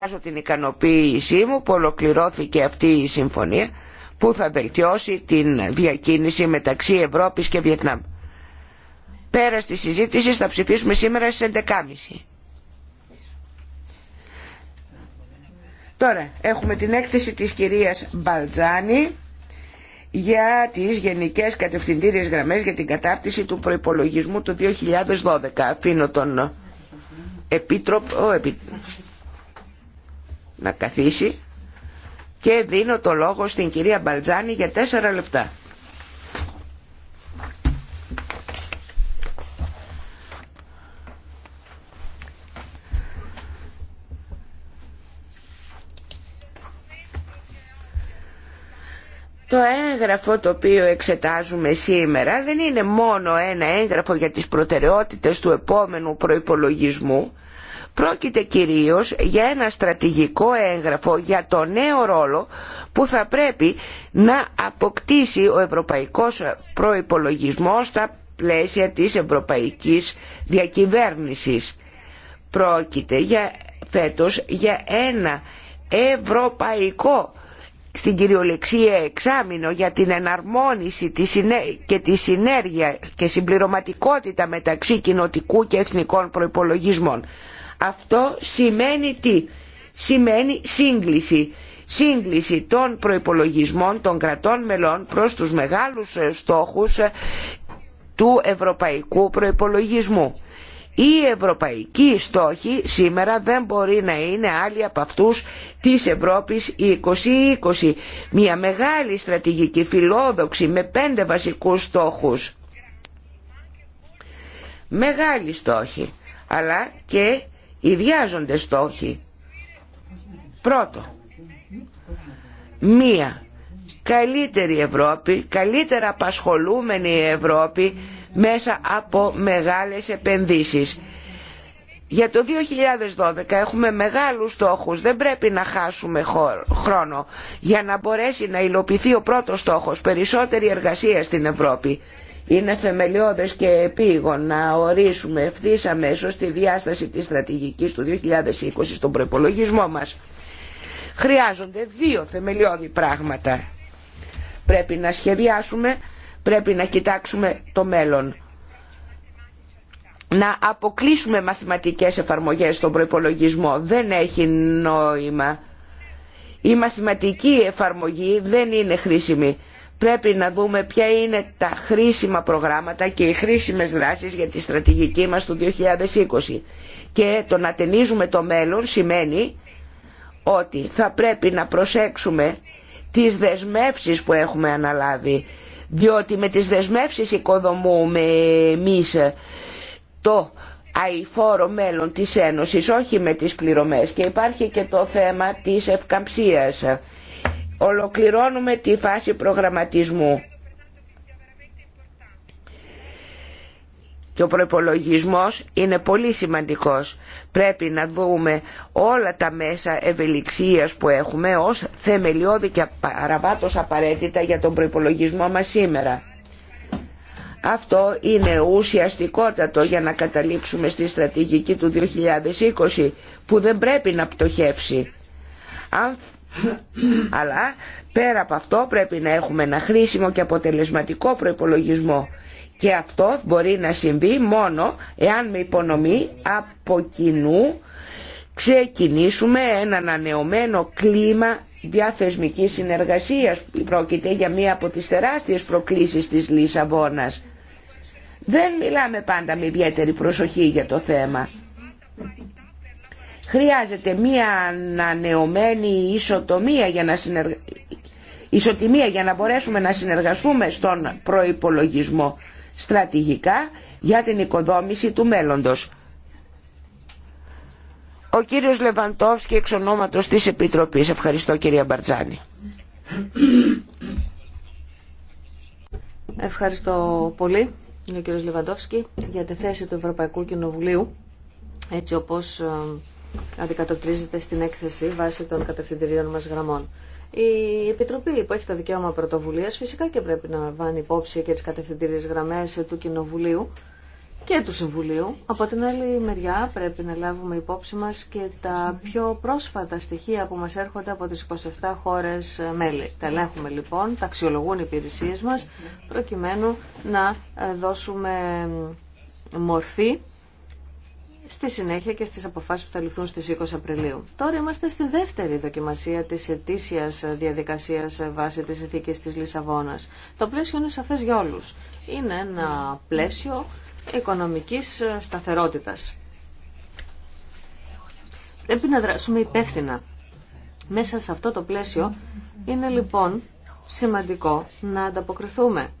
Βάζω την ικανοποίησή μου που ολοκληρώθηκε αυτή η συμφωνία που θα βελτιώσει την διακίνηση μεταξύ Ευρώπης και Βιετνάμ. Πέρα τη συζήτηση θα ψηφίσουμε σήμερα στις 11.30. Τώρα έχουμε την έκθεση της κυρίας Μπαλτζάνη για τις γενικές κατευθυντήριες γραμμές για την κατάρτιση του προϋπολογισμού του 2012. Αφήνω τον Επίτροπο να καθίσει και δίνω το λόγο στην κυρία Μπαλτζάνη για τέσσερα λεπτά. Το έγγραφο το οποίο εξετάζουμε σήμερα δεν είναι μόνο ένα έγγραφο για τις προτεραιότητες του επόμενου προϋπολογισμού, Πρόκειται κυρίως για ένα στρατηγικό έγγραφο για το νέο ρόλο που θα πρέπει να αποκτήσει ο ευρωπαϊκός προϋπολογισμός στα πλαίσια της ευρωπαϊκής διακυβέρνησης. Πρόκειται για, φέτος για ένα ευρωπαϊκό στην κυριολεξία εξάμεινο για την εναρμόνιση και τη συνέργεια και συμπληρωματικότητα μεταξύ κοινοτικού και εθνικών προϋπολογισμών. Αυτό σημαίνει τι. Σημαίνει σύγκληση. Σύγκληση των προϋπολογισμών των κρατών μελών προς τους μεγάλους ε, στόχους ε, του ευρωπαϊκού προϋπολογισμού. Οι ευρωπαϊκή στόχοι σήμερα δεν μπορεί να είναι άλλοι από αυτούς της Ευρώπης 2020. Μια μεγάλη στρατηγική φιλόδοξη με πέντε βασικούς στόχους. Μεγάλη στόχη, αλλά και ιδιάζονται στόχοι. Πρώτο, μία καλύτερη Ευρώπη, καλύτερα απασχολούμενη Ευρώπη μέσα από μεγάλες επενδύσεις. Για το 2012 έχουμε μεγάλους στόχους, δεν πρέπει να χάσουμε χρόνο για να μπορέσει να υλοποιηθεί ο πρώτος στόχος, περισσότερη εργασία στην Ευρώπη. Είναι θεμελιώδες και επίγον να ορίσουμε ευθύ αμέσω τη διάσταση της στρατηγικής του 2020 στον προπολογισμό μας. Χρειάζονται δύο θεμελιώδη πράγματα. Πρέπει να σχεδιάσουμε, πρέπει να κοιτάξουμε το μέλλον. Να αποκλείσουμε μαθηματικές εφαρμογές στον προπολογισμό δεν έχει νόημα. Η μαθηματική εφαρμογή δεν είναι χρήσιμη πρέπει να δούμε ποια είναι τα χρήσιμα προγράμματα και οι χρήσιμες δράσεις για τη στρατηγική μας του 2020. Και το να ταινίζουμε το μέλλον σημαίνει ότι θα πρέπει να προσέξουμε τις δεσμεύσεις που έχουμε αναλάβει, διότι με τις δεσμεύσεις οικοδομούμε εμείς το αηφόρο μέλλον της Ένωσης, όχι με τις πληρωμές. Και υπάρχει και το θέμα της ευκαμψίας ολοκληρώνουμε τη φάση προγραμματισμού. Και ο προϋπολογισμός είναι πολύ σημαντικός. Πρέπει να δούμε όλα τα μέσα ευελιξίας που έχουμε ως θεμελιώδη και παραβάτως απαραίτητα για τον προϋπολογισμό μας σήμερα. Αυτό είναι ουσιαστικότατο για να καταλήξουμε στη στρατηγική του 2020 που δεν πρέπει να πτωχεύσει. Αλλά πέρα από αυτό πρέπει να έχουμε ένα χρήσιμο και αποτελεσματικό προϋπολογισμό και αυτό μπορεί να συμβεί μόνο εάν με υπονομή από κοινού ξεκινήσουμε ένα ανανεωμένο κλίμα διαθεσμικής συνεργασίας που πρόκειται για μία από τις τεράστιες προκλήσεις της Λισαβόνας. Δεν μιλάμε πάντα με ιδιαίτερη προσοχή για το θέμα. Χρειάζεται μία ανανεωμένη ισοτομία για να ισοτιμία για να μπορέσουμε να συνεργαστούμε στον προϋπολογισμό στρατηγικά για την οικοδόμηση του μέλλοντος. Ο κύριος Λεβαντόφσκι εξ ονόματος της Επιτροπής. Ευχαριστώ κυρία Μπαρτζάνη. Ευχαριστώ πολύ, ο κύριος Λεβαντόφσκι, για τη θέση του Ευρωπαϊκού Κοινοβουλίου, έτσι όπως ε, αντικατοπτρίζεται στην έκθεση βάσει των κατευθυντηρίων μας γραμμών. Η Επιτροπή που έχει το δικαίωμα πρωτοβουλίας φυσικά και πρέπει να λαμβάνει υπόψη και τις κατευθυντήριες γραμμές του Κοινοβουλίου και του Συμβουλίου. Από την άλλη μεριά πρέπει να λάβουμε υπόψη μας και τα πιο πρόσφατα στοιχεία που μας έρχονται από τις 27 χώρες μέλη. Τα ελέγχουμε λοιπόν, τα αξιολογούν οι υπηρεσίες μας προκειμένου να ε, δώσουμε μορφή στη συνέχεια και στις αποφάσεις που θα ληφθούν στις 20 Απριλίου. Τώρα είμαστε στη δεύτερη δοκιμασία της ετήσιας διαδικασίας βάσει της ηθικής της Λισαβόνας. Το πλαίσιο είναι σαφές για όλους. Είναι ένα πλαίσιο οικονομικής σταθερότητας. Πρέπει να δράσουμε υπεύθυνα. Μέσα σε αυτό το πλαίσιο είναι λοιπόν σημαντικό να ανταποκριθούμε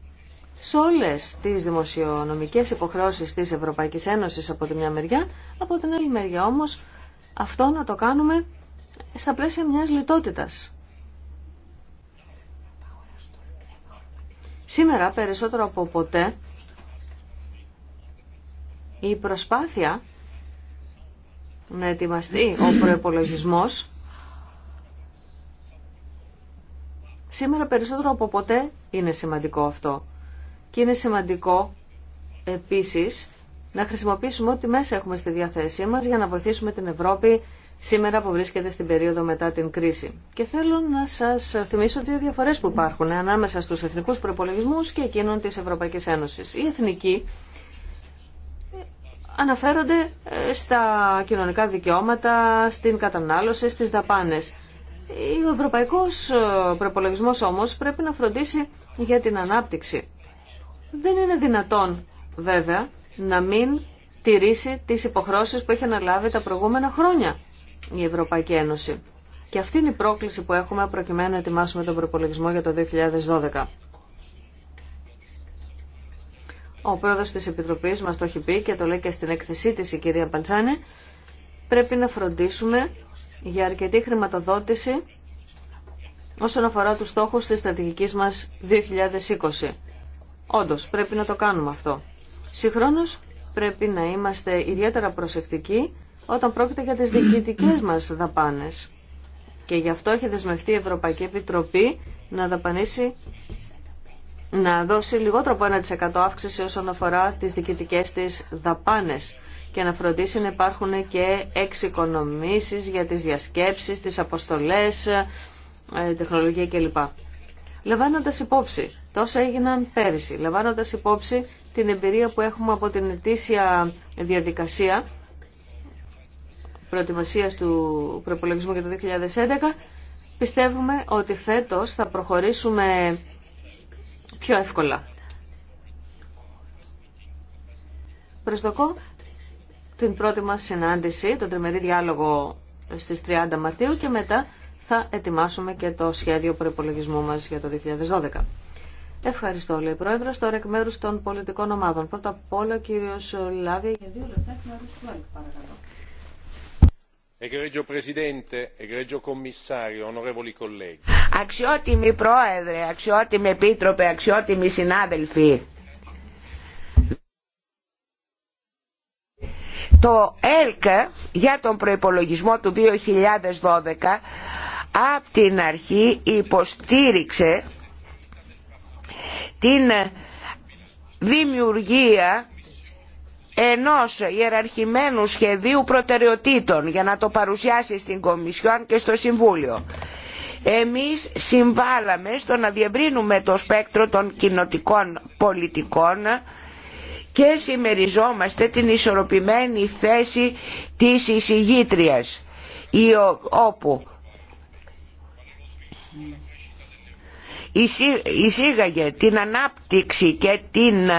σε όλε τις δημοσιονομικές υποχρεώσει της Ευρωπαϊκής Ένωσης από τη μια μεριά, από την άλλη μεριά όμως αυτό να το κάνουμε στα πλαίσια μιας λιτότητα. Σήμερα περισσότερο από ποτέ η προσπάθεια να ετοιμαστεί ο προϋπολογισμός σήμερα περισσότερο από ποτέ είναι σημαντικό αυτό. Και είναι σημαντικό επίσης να χρησιμοποιήσουμε ό,τι μέσα έχουμε στη διάθεσή μας για να βοηθήσουμε την Ευρώπη σήμερα που βρίσκεται στην περίοδο μετά την κρίση. Και θέλω να σας θυμίσω δύο διαφορές που υπάρχουν ανάμεσα στους εθνικούς προπολογισμού και εκείνων της Ευρωπαϊκής Ένωσης. Οι εθνικοί αναφέρονται ε, στα κοινωνικά δικαιώματα, στην κατανάλωση, στις δαπάνες. Ο ευρωπαϊκός ε, προπολογισμό όμως πρέπει να φροντίσει για την ανάπτυξη δεν είναι δυνατόν βέβαια να μην τηρήσει τις υποχρώσεις που έχει αναλάβει τα προηγούμενα χρόνια η Ευρωπαϊκή Ένωση. Και αυτή είναι η πρόκληση που έχουμε προκειμένου να ετοιμάσουμε τον προπολογισμό για το 2012. Ο πρόεδρος της Επιτροπής μας το έχει πει και το λέει και στην έκθεσή της η κυρία Παντσάνη, Πρέπει να φροντίσουμε για αρκετή χρηματοδότηση όσον αφορά τους στόχους της στρατηγικής μας 2020 Όντω πρέπει να το κάνουμε αυτό. Συγχρόνω πρέπει να είμαστε ιδιαίτερα προσεκτικοί όταν πρόκειται για τις διοικητικέ μας δαπάνες. Και γι' αυτό έχει δεσμευτεί η Ευρωπαϊκή Επιτροπή να δαπανίσει να δώσει λιγότερο από 1% αύξηση όσον αφορά τις διοικητικές της δαπάνες και να φροντίσει να υπάρχουν και εξοικονομήσεις για τις διασκέψεις, τις αποστολές, ε, τεχνολογία κλπ λαμβάνοντας υπόψη τόσα έγιναν πέρυσι, λαμβάνοντα υπόψη την εμπειρία που έχουμε από την ετήσια διαδικασία προετοιμασίας του προπολογισμού για το 2011, πιστεύουμε ότι φέτος θα προχωρήσουμε πιο εύκολα. Προσδοκώ την πρώτη μας συνάντηση, τον τριμερή διάλογο στις 30 Μαρτίου και μετά θα ετοιμάσουμε και το σχέδιο προπολογισμού μας για το 2012. Ευχαριστώ, λέει Πρόεδρο. Τώρα εκ μέρου των πολιτικών ομάδων. Πρώτα απ' όλα, ο κύριο Λάβια για δύο λεπτά εκ μέρου του Αξιότιμοι Πρόεδρε, αξιότιμοι Επίτροπε, αξιότιμοι συνάδελφοι. Το ΕΛΚ για τον προϋπολογισμό του 2012 απ' την αρχή υποστήριξε την δημιουργία ενός ιεραρχημένου σχεδίου προτεραιοτήτων για να το παρουσιάσει στην Κομισιόν και στο Συμβούλιο. Εμείς συμβάλαμε στο να διευρύνουμε το σπέκτρο των κοινοτικών πολιτικών και συμμεριζόμαστε την ισορροπημένη θέση της εισηγήτριας όπου εισήγαγε την ανάπτυξη και την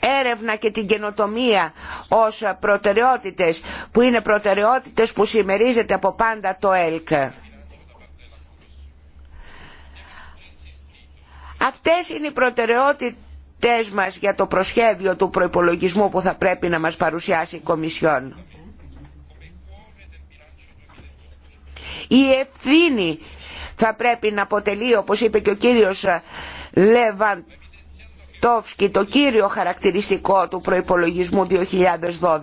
έρευνα και την καινοτομία ως προτεραιότητες που είναι προτεραιότητες που συμμερίζεται από πάντα το ΕΛΚ. Αυτές είναι οι προτεραιότητες μας για το προσχέδιο του προϋπολογισμού που θα πρέπει να μας παρουσιάσει η Κομισιόν. Η ευθύνη θα πρέπει να αποτελεί, όπως είπε και ο κύριος ε, Λεβαντόφσκι, το κύριο χαρακτηριστικό του προϋπολογισμού 2012.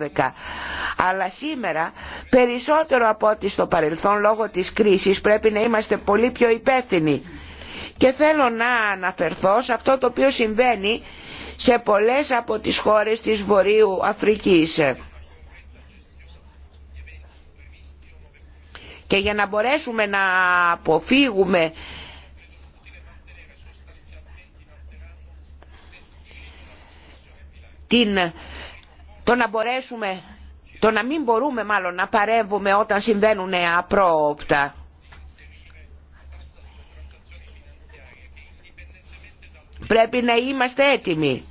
Αλλά σήμερα, περισσότερο από ό,τι στο παρελθόν, λόγω της κρίσης, πρέπει να είμαστε πολύ πιο υπεύθυνοι. Και θέλω να αναφερθώ σε αυτό το οποίο συμβαίνει σε πολλές από τις χώρες της Βορείου Αφρικής και για να μπορέσουμε να αποφύγουμε την, το να μπορέσουμε το να μην μπορούμε μάλλον να παρεύουμε όταν συμβαίνουν απρόοπτα. Πρέπει να είμαστε έτοιμοι.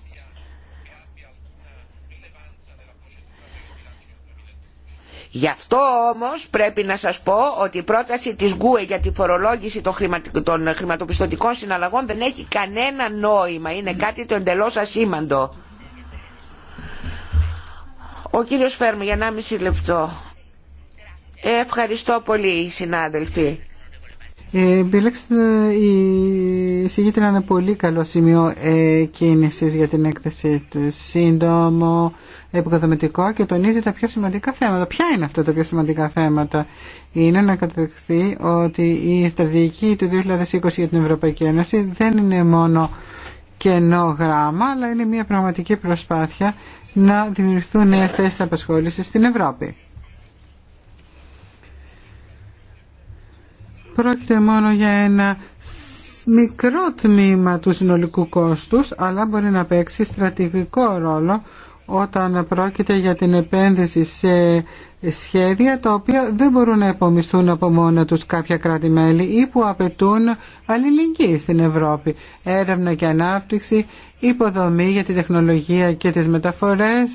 Γι' αυτό όμως πρέπει να σας πω ότι η πρόταση της ΓΚΟΕ για τη φορολόγηση των χρηματοπιστωτικών συναλλαγών δεν έχει κανένα νόημα. Είναι κάτι το εντελώς ασήμαντο. Ο κύριος Φέρμου για 1,5 λεπτό. Ε, ευχαριστώ πολύ συνάδελφοι. Ε, η συγγήτρια είναι πολύ καλό σημείο ε, κίνησης για την έκθεση του. Σύντομο, επικοδομητικό και τονίζει τα πιο σημαντικά θέματα. Ποια είναι αυτά τα πιο σημαντικά θέματα. Είναι να καταδεχθεί ότι η στρατηγική του 2020 για την Ευρωπαϊκή Ένωση δεν είναι μόνο κενό γράμμα, αλλά είναι μια πραγματική προσπάθεια να δημιουργηθούν νέες θέσεις απασχόλησης στην Ευρώπη. Πρόκειται μόνο για ένα μικρό τμήμα του συνολικού κόστους, αλλά μπορεί να παίξει στρατηγικό ρόλο όταν πρόκειται για την επένδυση σε σχέδια τα οποία δεν μπορούν να υπομισθούν από μόνα τους κάποια κράτη-μέλη ή που απαιτούν αλληλεγγύη στην Ευρώπη. Έρευνα και ανάπτυξη, υποδομή για την τεχνολογία και τις μεταφορές,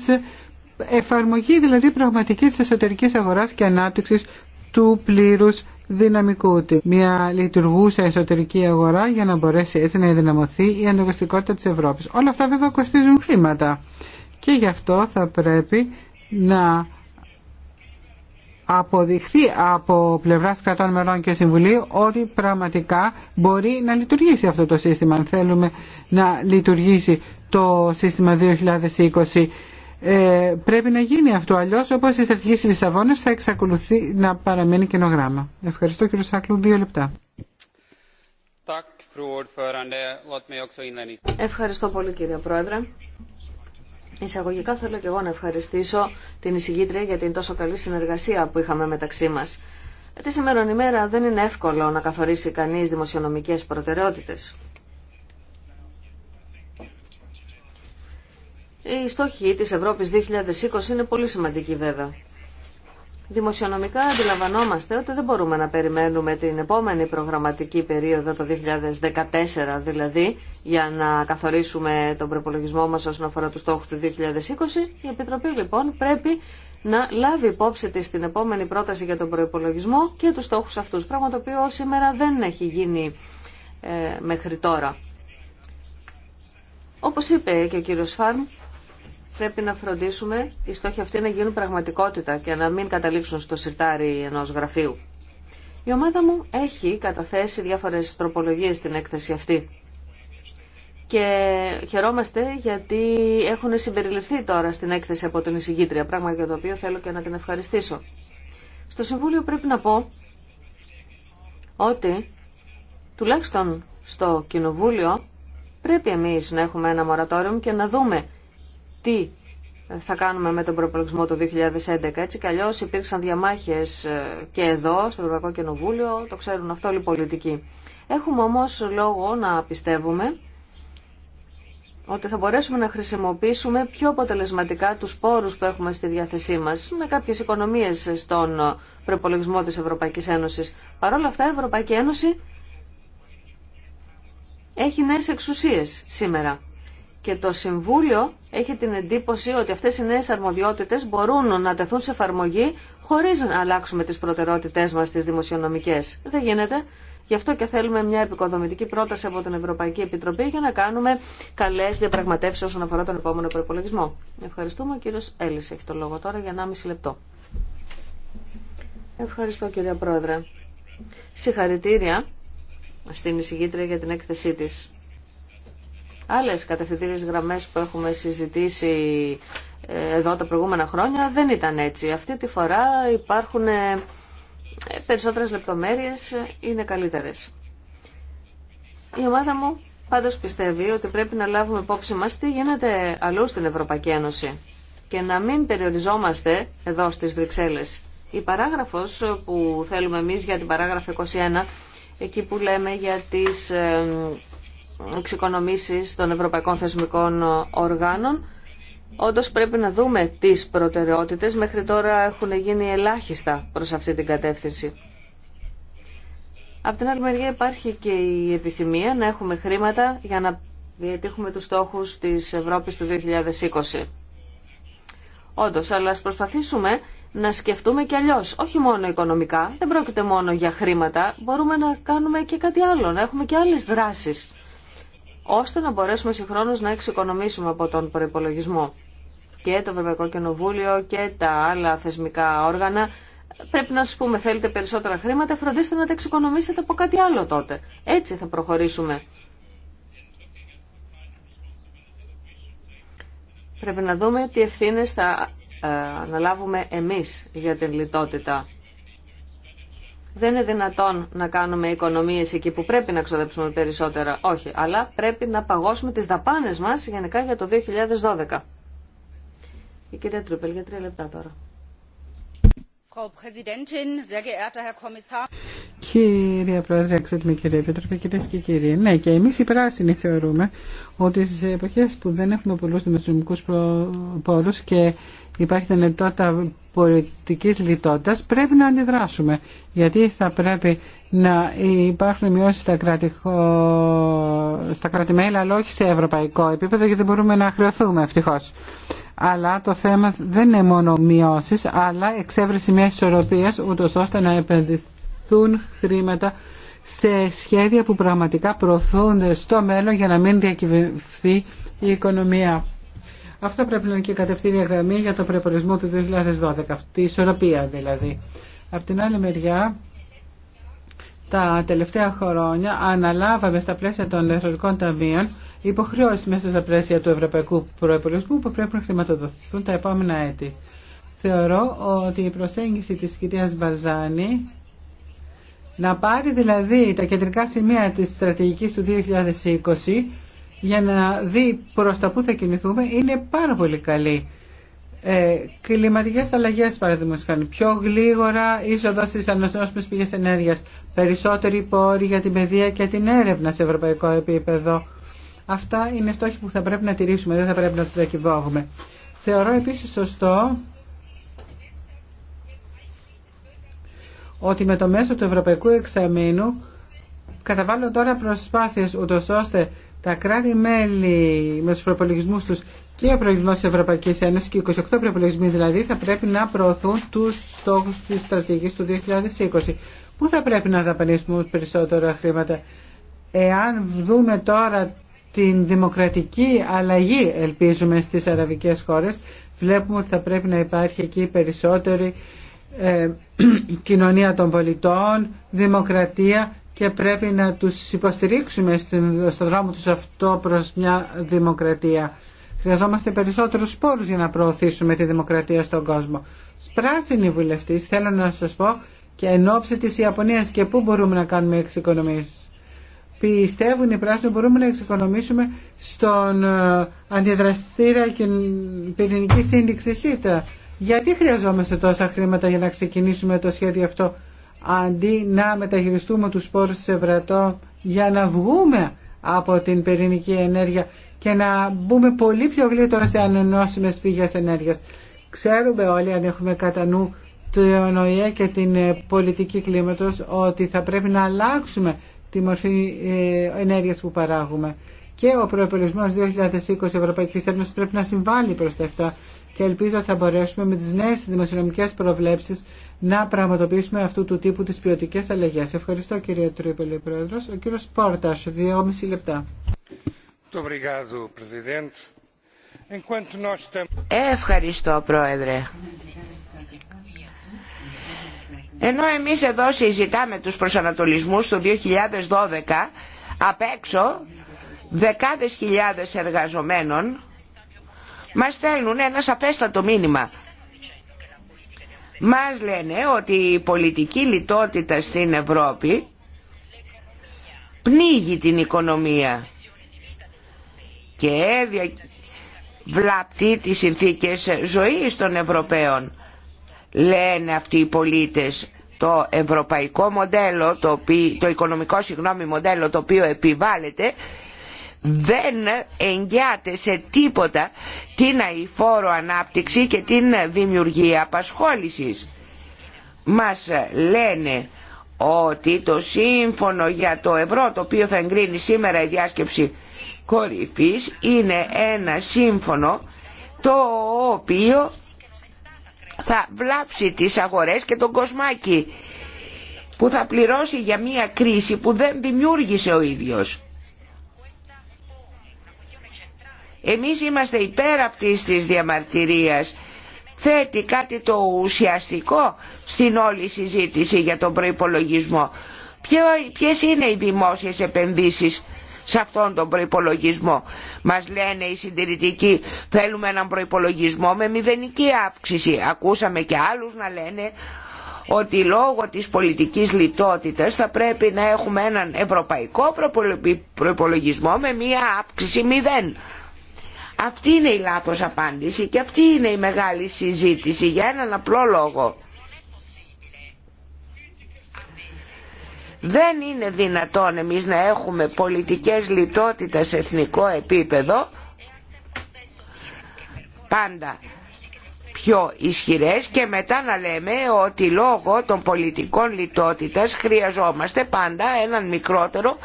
εφαρμογή δηλαδή πραγματική της εσωτερικής αγοράς και ανάπτυξης του πλήρους δυναμικού Μια λειτουργούσα εσωτερική αγορά για να μπορέσει έτσι να ενδυναμωθεί η ανταγωνιστικότητα της Ευρώπης. Όλα αυτά βέβαια κοστίζουν χρήματα και γι' αυτό θα πρέπει να αποδειχθεί από πλευράς κρατών μερών και συμβουλίου ότι πραγματικά μπορεί να λειτουργήσει αυτό το σύστημα. Αν θέλουμε να λειτουργήσει το σύστημα 2020 ε, πρέπει να γίνει αυτό. Αλλιώ, όπω η στρατηγική τη Λισαβόνα θα εξακολουθεί να παραμένει καινογράμμα. Ευχαριστώ, κύριο Σάκλου. Δύο λεπτά. Ευχαριστώ πολύ, κύριε Πρόεδρε. Εισαγωγικά θέλω και εγώ να ευχαριστήσω την εισηγήτρια για την τόσο καλή συνεργασία που είχαμε μεταξύ μα. Τη σήμερα ημέρα δεν είναι εύκολο να καθορίσει κανεί δημοσιονομικέ προτεραιότητε. Οι στόχοι της Ευρώπης 2020 είναι πολύ σημαντικοί βέβαια. Δημοσιονομικά αντιλαμβανόμαστε ότι δεν μπορούμε να περιμένουμε την επόμενη προγραμματική περίοδο το 2014 δηλαδή για να καθορίσουμε τον προπολογισμό μας όσον αφορά τους στόχους του 2020. Η Επιτροπή λοιπόν πρέπει να λάβει υπόψη της την επόμενη πρόταση για τον προπολογισμό και τους στόχους αυτούς, πράγμα το οποίο σήμερα δεν έχει γίνει ε, μέχρι τώρα. Όπως είπε και ο κύριος Φάρμ, πρέπει να φροντίσουμε οι στόχοι αυτοί να γίνουν πραγματικότητα και να μην καταλήξουν στο σιρτάρι ενός γραφείου. Η ομάδα μου έχει καταθέσει διάφορες τροπολογίες στην έκθεση αυτή. Και χαιρόμαστε γιατί έχουν συμπεριληφθεί τώρα στην έκθεση από την εισηγήτρια, πράγμα για το οποίο θέλω και να την ευχαριστήσω. Στο Συμβούλιο πρέπει να πω ότι τουλάχιστον στο Κοινοβούλιο πρέπει εμείς να έχουμε ένα μορατόριο και να δούμε τι θα κάνουμε με τον προπολογισμό του 2011. Έτσι κι αλλιώς υπήρξαν διαμάχες ε, και εδώ, στο Ευρωπαϊκό Κοινοβούλιο, το ξέρουν αυτό όλοι οι πολιτικοί. Έχουμε όμως λόγο να πιστεύουμε ότι θα μπορέσουμε να χρησιμοποιήσουμε πιο αποτελεσματικά τους πόρους που έχουμε στη διάθεσή μας, με κάποιες οικονομίες στον προπολογισμό τη Ευρωπαϊκή Ένωση. Παρ' όλα αυτά, η Ευρωπαϊκή Ένωση έχει νέε εξουσίε σήμερα και το Συμβούλιο έχει την εντύπωση ότι αυτές οι νέες αρμοδιότητες μπορούν να τεθούν σε εφαρμογή χωρίς να αλλάξουμε τις προτεραιότητές μας τις δημοσιονομικές. Δεν γίνεται. Γι' αυτό και θέλουμε μια επικοδομητική πρόταση από την Ευρωπαϊκή Επιτροπή για να κάνουμε καλέ διαπραγματεύσει όσον αφορά τον επόμενο προπολογισμό. Ευχαριστούμε. Ο κύριο Έλλη έχει το λόγο τώρα για 1,5 λεπτό. Ευχαριστώ κύριε Πρόεδρε. Συγχαρητήρια στην εισηγήτρια για την έκθεσή τη. Άλλες κατευθυντήριες γραμμές που έχουμε συζητήσει ε, εδώ τα προηγούμενα χρόνια δεν ήταν έτσι. Αυτή τη φορά υπάρχουν ε, περισσότερες λεπτομέρειες, είναι καλύτερες. Η ομάδα μου πάντως πιστεύει ότι πρέπει να λάβουμε υπόψη μας τι γίνεται αλλού στην Ευρωπαϊκή Ένωση και να μην περιοριζόμαστε εδώ στις Βρυξέλλες. Η παράγραφος που θέλουμε εμείς για την παράγραφο 21, εκεί που λέμε για τις ε, εξοικονομήσεις των ευρωπαϊκών θεσμικών οργάνων. Όντω πρέπει να δούμε τις προτεραιότητες. Μέχρι τώρα έχουν γίνει ελάχιστα προς αυτή την κατεύθυνση. Από την άλλη μεριά υπάρχει και η επιθυμία να έχουμε χρήματα για να διατύχουμε τους στόχους της Ευρώπης του 2020. Όντως, αλλά ας προσπαθήσουμε να σκεφτούμε και αλλιώς, όχι μόνο οικονομικά, δεν πρόκειται μόνο για χρήματα, μπορούμε να κάνουμε και κάτι άλλο, να έχουμε και άλλες δράσεις ώστε να μπορέσουμε συγχρόνως να εξοικονομήσουμε από τον προϋπολογισμό. Και το Ευρωπαϊκό Κοινοβούλιο και τα άλλα θεσμικά όργανα πρέπει να σου πούμε θέλετε περισσότερα χρήματα, φροντίστε να τα εξοικονομήσετε από κάτι άλλο τότε. Έτσι θα προχωρήσουμε. Πρέπει να δούμε τι ευθύνες θα ε, αναλάβουμε εμείς για την λιτότητα δεν είναι δυνατόν να κάνουμε οικονομίες εκεί που πρέπει να ξοδέψουμε περισσότερα. Όχι, αλλά πρέπει να παγώσουμε τις δαπάνες μας γενικά για το 2012. Η κυρία Τρούπελ για τρία λεπτά τώρα. Κύριε Πρόεδρε, εξαιρετική κύριε Επίτροπε, κυρίε και κύριοι. Ναι, και εμεί οι πράσινοι θεωρούμε ότι στι εποχέ που δεν έχουμε πολλού δημοσιονομικού πόρου και υπάρχει δυνατότητα πολιτικής λιτότητας, πρέπει να αντιδράσουμε. Γιατί θα πρέπει να υπάρχουν μειώσεις στα, κρατικό... στα αλλά όχι σε ευρωπαϊκό επίπεδο, γιατί μπορούμε να χρεωθούμε ευτυχώ. Αλλά το θέμα δεν είναι μόνο μειώσει, αλλά εξέβρεση μια ισορροπία, ούτω ώστε να επενδυθούν χρήματα σε σχέδια που πραγματικά προωθούν στο μέλλον για να μην διακυβευθεί η οικονομία. Αυτά πρέπει να είναι και η κατευθύνια γραμμή για τον προπολογισμό του 2012, αυτή η ισορροπία δηλαδή. Απ' την άλλη μεριά, τα τελευταία χρόνια αναλάβαμε στα πλαίσια των ελευθερωτικών ταμείων υποχρεώσει μέσα στα πλαίσια του ευρωπαϊκού προπολογισμού που πρέπει να χρηματοδοτηθούν τα επόμενα έτη. Θεωρώ ότι η προσέγγιση της κυρίας Μπαρζάνη να πάρει δηλαδή τα κεντρικά σημεία της στρατηγικής του 2020 για να δει προς τα που θα κινηθούμε είναι πάρα πολύ καλή. Ε, κλιματικές αλλαγές παραδείγματος χάνει. Πιο γλίγορα είσοδος στις ανασυνώσιμες πηγές ενέργειας. Περισσότεροι πόροι για την παιδεία και την έρευνα σε ευρωπαϊκό επίπεδο. Αυτά είναι στόχοι που θα πρέπει να τηρήσουμε, δεν θα πρέπει να τους διακυβώγουμε. Θεωρώ επίσης σωστό ότι με το μέσο του Ευρωπαϊκού Εξαμήνου καταβάλλω τώρα προσπάθειες ούτως ώστε τα κράτη-μέλη με τους προπολογισμού τους και ο προϋπολογισμός της Ευρωπαϊκής Ένωσης και 28 προπολογισμοί δηλαδή θα πρέπει να προωθούν τους στόχους της στρατηγικής του 2020. Πού θα πρέπει να δαπανίσουμε περισσότερα χρήματα. Εάν δούμε τώρα την δημοκρατική αλλαγή ελπίζουμε στις αραβικές χώρες βλέπουμε ότι θα πρέπει να υπάρχει εκεί περισσότερη ε, κοινωνία των πολιτών, δημοκρατία και πρέπει να τους υποστηρίξουμε στον δρόμο τους αυτό προς μια δημοκρατία. Χρειαζόμαστε περισσότερους σπόρους για να προωθήσουμε τη δημοκρατία στον κόσμο. Σπράσινοι βουλευτή, θέλω να σας πω και εν ώψη της Ιαπωνίας και πού μπορούμε να κάνουμε εξοικονομήσεις. Πιστεύουν οι πράσινοι μπορούμε να εξοικονομήσουμε στον ε, αντιδραστήρα και την πυρηνική σύνδεξη ΣΥΤΑ. Γιατί χρειαζόμαστε τόσα χρήματα για να ξεκινήσουμε το σχέδιο αυτό αντί να μεταχειριστούμε τους σπόρους σε βρατό για να βγούμε από την πυρηνική ενέργεια και να μπούμε πολύ πιο γλύτερα σε ανενώσιμες πηγές ενέργειας. Ξέρουμε όλοι αν έχουμε κατά νου τον ΟΗΕ και την ε, πολιτική κλίματος ότι θα πρέπει να αλλάξουμε τη μορφή ε, ενέργειας που παράγουμε. Και ο προεπολισμός 2020 Ευρωπαϊκής Ένωσης πρέπει να συμβάλλει προς τα αυτά και ελπίζω ότι θα μπορέσουμε με τις νέες δημοσιονομικές προβλέψεις να πραγματοποιήσουμε αυτού του τύπου τις ποιοτικέ αλλαγές. Ευχαριστώ κύριε Τρίπελη Πρόεδρος. Ο κύριος Πόρτας, μισή λεπτά. Ευχαριστώ Πρόεδρε. Ενώ εμείς εδώ συζητάμε τους προσανατολισμούς το 2012, απ' έξω δεκάδες χιλιάδες εργαζομένων μας στέλνουν ένα σαφέστατο μήνυμα μας λένε ότι η πολιτική λιτότητα στην Ευρώπη πνίγει την οικονομία και βλάπτει τις συνθήκες ζωής των Ευρωπαίων. Λένε αυτοί οι πολίτες το ευρωπαϊκό μοντέλο, το, το οικονομικό συγγνώμη, μοντέλο το οποίο επιβάλλεται δεν εγγυάται σε τίποτα την αηφόρο ανάπτυξη και την δημιουργία απασχόλησης. Μας λένε ότι το σύμφωνο για το ευρώ το οποίο θα εγκρίνει σήμερα η διάσκεψη κορυφής είναι ένα σύμφωνο το οποίο θα βλάψει τις αγορές και τον κοσμάκι που θα πληρώσει για μια κρίση που δεν δημιούργησε ο ίδιος. Εμείς είμαστε υπέρ αυτής της διαμαρτυρίας. Θέτει κάτι το ουσιαστικό στην όλη συζήτηση για τον προϋπολογισμό. Ποιες είναι οι δημόσιες επενδύσεις σε αυτόν τον προϋπολογισμό. Μας λένε οι συντηρητικοί θέλουμε έναν προϋπολογισμό με μηδενική αύξηση. Ακούσαμε και άλλους να λένε ότι λόγω της πολιτικής λιτότητας θα πρέπει να έχουμε έναν ευρωπαϊκό προϋπολογισμό με μία αύξηση μηδέν. Αυτή είναι η λάθος απάντηση και αυτή είναι η μεγάλη συζήτηση για έναν απλό λόγο. Δεν είναι δυνατόν εμείς να έχουμε πολιτικές λιτότητες σε εθνικό επίπεδο πάντα πιο ισχυρές και μετά να λέμε ότι λόγω των πολιτικών λιτότητας χρειαζόμαστε πάντα έναν μικρότερο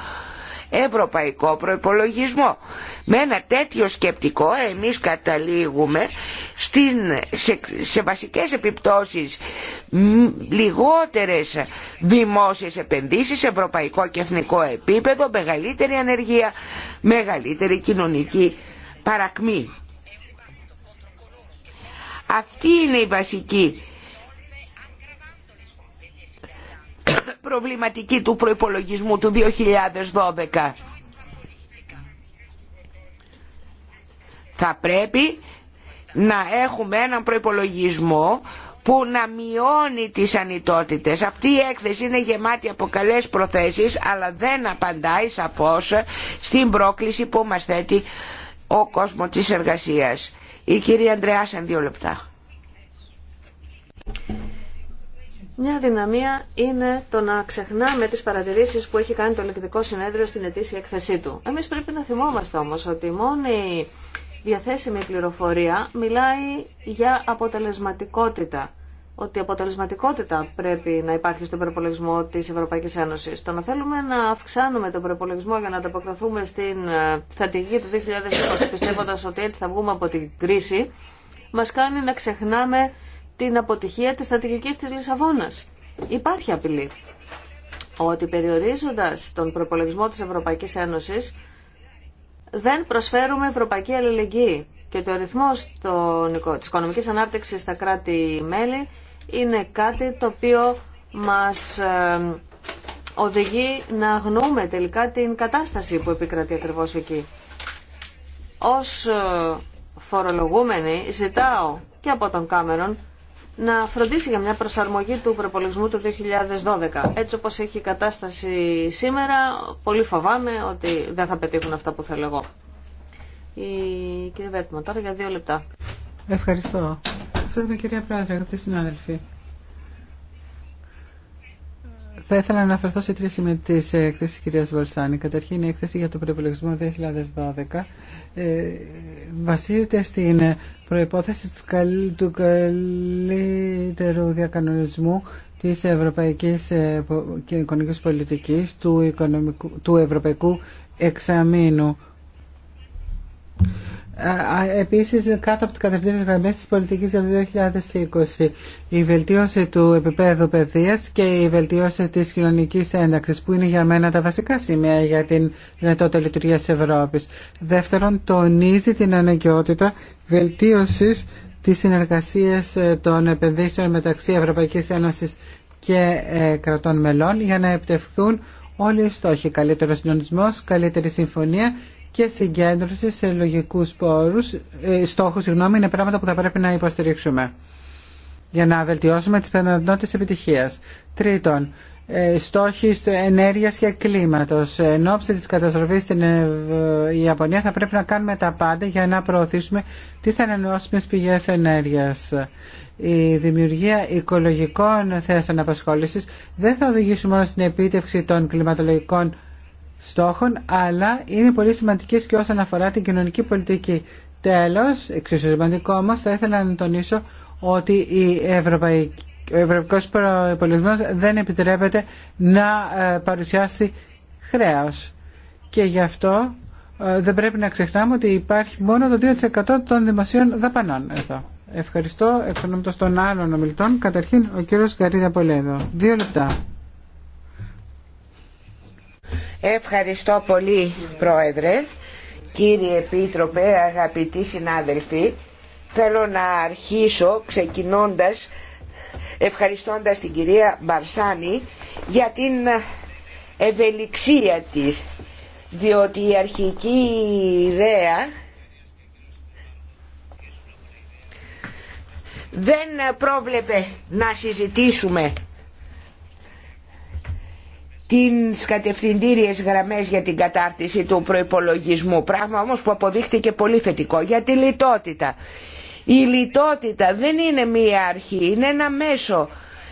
ευρωπαϊκό προϋπολογισμό. Με ένα τέτοιο σκεπτικό εμείς καταλήγουμε στην, σε, βασικές επιπτώσεις λιγότερες δημόσιες επενδύσεις σε ευρωπαϊκό και εθνικό επίπεδο, μεγαλύτερη ανεργία, μεγαλύτερη κοινωνική παρακμή. Αυτή είναι η βασική προβληματική του προϋπολογισμού του 2012. Θα πρέπει να έχουμε έναν προϋπολογισμό που να μειώνει τις ανιτότητες. Αυτή η έκθεση είναι γεμάτη από καλές προθέσεις αλλά δεν απαντάει σαφώς στην πρόκληση που μας θέτει ο κόσμο της εργασίας. Η κυρία εν δύο λεπτά. Μια δυναμία είναι το να ξεχνάμε τις παρατηρήσεις που έχει κάνει το Ελεκτικό Συνέδριο στην ετήσια έκθεσή του. Εμείς πρέπει να θυμόμαστε όμως ότι η μόνη διαθέσιμη πληροφορία μιλάει για αποτελεσματικότητα. Ότι αποτελεσματικότητα πρέπει να υπάρχει στον προπολογισμό τη Ευρωπαϊκή Ένωση. Το να θέλουμε να αυξάνουμε τον προπολογισμό για να ανταποκριθούμε στην ε, στρατηγική του 2020 πιστεύοντα ότι έτσι θα βγούμε από την κρίση, μα κάνει να ξεχνάμε την αποτυχία της στρατηγικής της Λισαβόνας. Υπάρχει απειλή ότι περιορίζοντας τον προπολογισμό της Ευρωπαϊκής Ένωσης δεν προσφέρουμε ευρωπαϊκή αλληλεγγύη και το ρυθμό των, της οικονομικής ανάπτυξης στα κράτη-μέλη είναι κάτι το οποίο μας ε, οδηγεί να αγνοούμε τελικά την κατάσταση που επικρατεί ακριβώς εκεί. Ως ε, φορολογούμενοι ζητάω και από τον Κάμερον να φροντίσει για μια προσαρμογή του προπολογισμού του 2012. Έτσι όπως έχει η κατάσταση σήμερα, πολύ φοβάμαι ότι δεν θα πετύχουν αυτά που θέλω εγώ. Η κυρία Βέτμα τώρα για δύο λεπτά. Ευχαριστώ. Ευχαριστώ κυρία Πρόεδρε, αγαπητοί συνάδελφοι. Θα ήθελα να αναφερθώ σε τρεις σημεία της ε, κυρία της κυρίας Βολσάνη. Καταρχήν η έκθεση για το προπολογισμό 2012 ε, βασίζεται στην προϋπόθεση του καλύτερου διακανονισμού της ευρωπαϊκής ε, και οικονομικής πολιτικής του, του ευρωπαϊκού εξαμήνου. Επίσης, κάτω από τις κατευθύνσεις γραμμές της πολιτικής για το 2020, η βελτίωση του επίπεδου παιδείας και η βελτίωση της κοινωνικής ένταξης, που είναι για μένα τα βασικά σημεία για την δυνατότητα λειτουργία της Ευρώπης. Δεύτερον, τονίζει την αναγκαιότητα βελτίωσης της συνεργασίας ε, των επενδύσεων μεταξύ Ευρωπαϊκής Ένωσης και ε, κρατών μελών για να επιτευχθούν όλοι οι στόχοι. Καλύτερο συντονισμό, καλύτερη συμφωνία και συγκέντρωση σε λογικούς πόρους, ε, στόχους, συγγνώμη, είναι πράγματα που θα πρέπει να υποστηρίξουμε για να βελτιώσουμε τις πιθανότητες επιτυχίας. Τρίτον, ε, στόχοι ενέργειας και κλίματος. Εν ώψη της καταστροφής στην Ιαπωνία θα πρέπει να κάνουμε τα πάντα για να προωθήσουμε τις ανανεώσιμες πηγές ενέργειας. Η δημιουργία οικολογικών θέσεων απασχόλησης δεν θα οδηγήσει μόνο στην επίτευξη των κλιματολογικών στόχων, αλλά είναι πολύ σημαντικές και όσον αφορά την κοινωνική πολιτική. Τέλος, εξίσου σημαντικό όμως, θα ήθελα να τονίσω ότι η Ευρωπαϊκή ο ευρωπαϊκός προϋπολογισμός δεν επιτρέπεται να ε, παρουσιάσει χρέος. Και γι' αυτό ε, δεν πρέπει να ξεχνάμε ότι υπάρχει μόνο το 2% των δημοσίων δαπανών εδώ. Ευχαριστώ. Εξονόμητος των άλλων ομιλητών. Καταρχήν ο κύριος Γαρίδα Πολέδο. Δύο λεπτά. Ευχαριστώ πολύ Πρόεδρε, κύριε Επίτροπε, αγαπητοί συνάδελφοι. Θέλω να αρχίσω ξεκινώντας, ευχαριστώντας την κυρία Μπαρσάνη για την ευελιξία της, διότι η αρχική ιδέα δεν πρόβλεπε να συζητήσουμε τις κατευθυντήριες γραμμές για την κατάρτιση του προϋπολογισμού, πράγμα όμως που αποδείχτηκε πολύ θετικό για τη λιτότητα. Η λιτότητα δεν είναι μία αρχή, είναι ένα μέσο.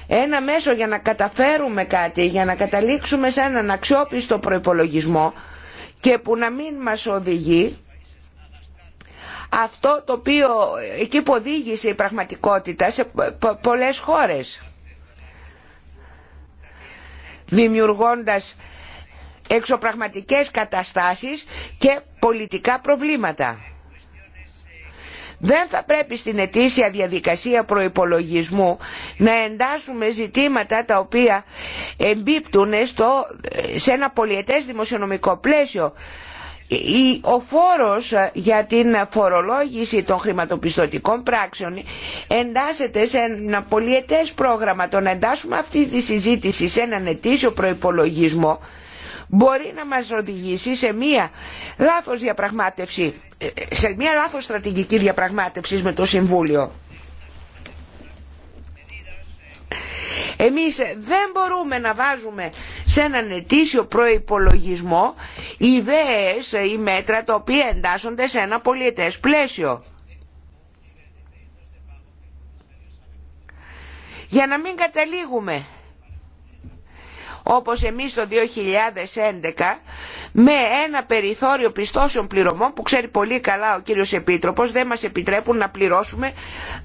Ένα μέσο για να καταφέρουμε κάτι, για να καταλήξουμε σε έναν αξιόπιστο προϋπολογισμό και που να μην μας οδηγεί αυτό το οποίο εκεί που οδήγησε η πραγματικότητα σε πολλές χώρες δημιουργώντας εξωπραγματικές καταστάσεις και πολιτικά προβλήματα. Δεν θα πρέπει στην ετήσια διαδικασία προϋπολογισμού να εντάσσουμε ζητήματα τα οποία εμπίπτουν στο, σε ένα πολιετές δημοσιονομικό πλαίσιο ο φόρος ε, για την φορολόγηση των χρηματοπιστωτικών πράξεων εντάσσεται σε ένα πολυετές πρόγραμμα. Το να εντάσσουμε αυτή τη συζήτηση σε έναν ετήσιο προϋπολογισμό μπορεί να μας οδηγήσει σε μία λάθος διαπραγμάτευση, ε, σε μία λάθος στρατηγική διαπραγμάτευση με το Συμβούλιο. Εμείς δεν μπορούμε να βάζουμε σε έναν ετήσιο προϋπολογισμό ιδέες ή μέτρα τα οποία εντάσσονται σε ένα πολιετές πλαίσιο. Για να μην καταλήγουμε όπως εμείς το 2011 με ένα περιθώριο πιστώσεων πληρωμών που ξέρει πολύ καλά ο κύριος Επίτροπος δεν μας επιτρέπουν να πληρώσουμε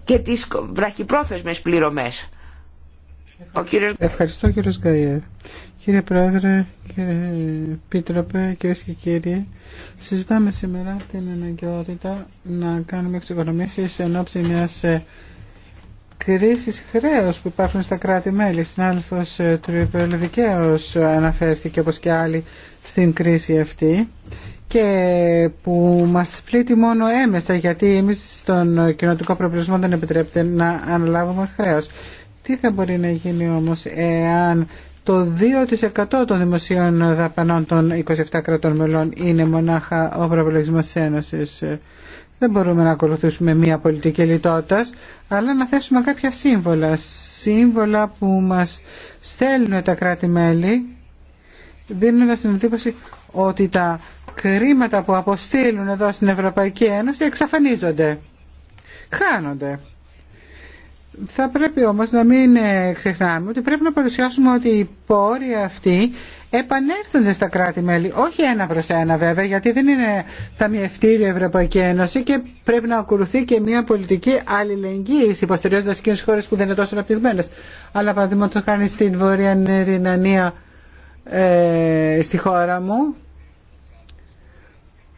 και τις βραχυπρόθεσμες πληρωμές. Ευχαριστώ κύριε Γκαϊέρ. Κύριε Πρόεδρε, κύριε Πίτροπε, κυρίε και κύριοι, συζητάμε σήμερα την αναγκαιότητα να κάνουμε εξοικονομήσει εν ώψη μιας ε, κρίση χρέους που υπάρχουν στα κράτη-μέλη. του ε, Τρουπέλ Δικαίω αναφέρθηκε όπως και άλλοι στην κρίση αυτή και που μας πλήττει μόνο έμεσα γιατί εμείς στον κοινοτικό προπλησμό δεν επιτρέπεται να αναλάβουμε χρέος. Τι θα μπορεί να γίνει όμως εάν το 2% των δημοσίων δαπανών των 27 κρατών μελών είναι μονάχα ο προβλεπισμός της Ένωσης. Δεν μπορούμε να ακολουθήσουμε μία πολιτική λιτότητα αλλά να θέσουμε κάποια σύμβολα. Σύμβολα που μας στέλνουν τα κράτη-μέλη, δίνουν την εντύπωση ότι τα κρίματα που αποστείλουν εδώ στην Ευρωπαϊκή Ένωση εξαφανίζονται, χάνονται. Θα πρέπει όμως να μην ε, ξεχνάμε ότι πρέπει να παρουσιάσουμε ότι οι πόροι αυτοί επανέλθονται στα κράτη-μέλη, όχι ένα προς ένα βέβαια, γιατί δεν είναι ταμιευτήριο η Ευρωπαϊκή Ένωση και πρέπει να ακολουθεί και μια πολιτική αλληλεγγύης υποστηρίζοντας εκείνες χώρες που δεν είναι τόσο αναπτυγμένες. Αλλά το κάνει στην Βόρεια Ρινανία ε, στη χώρα μου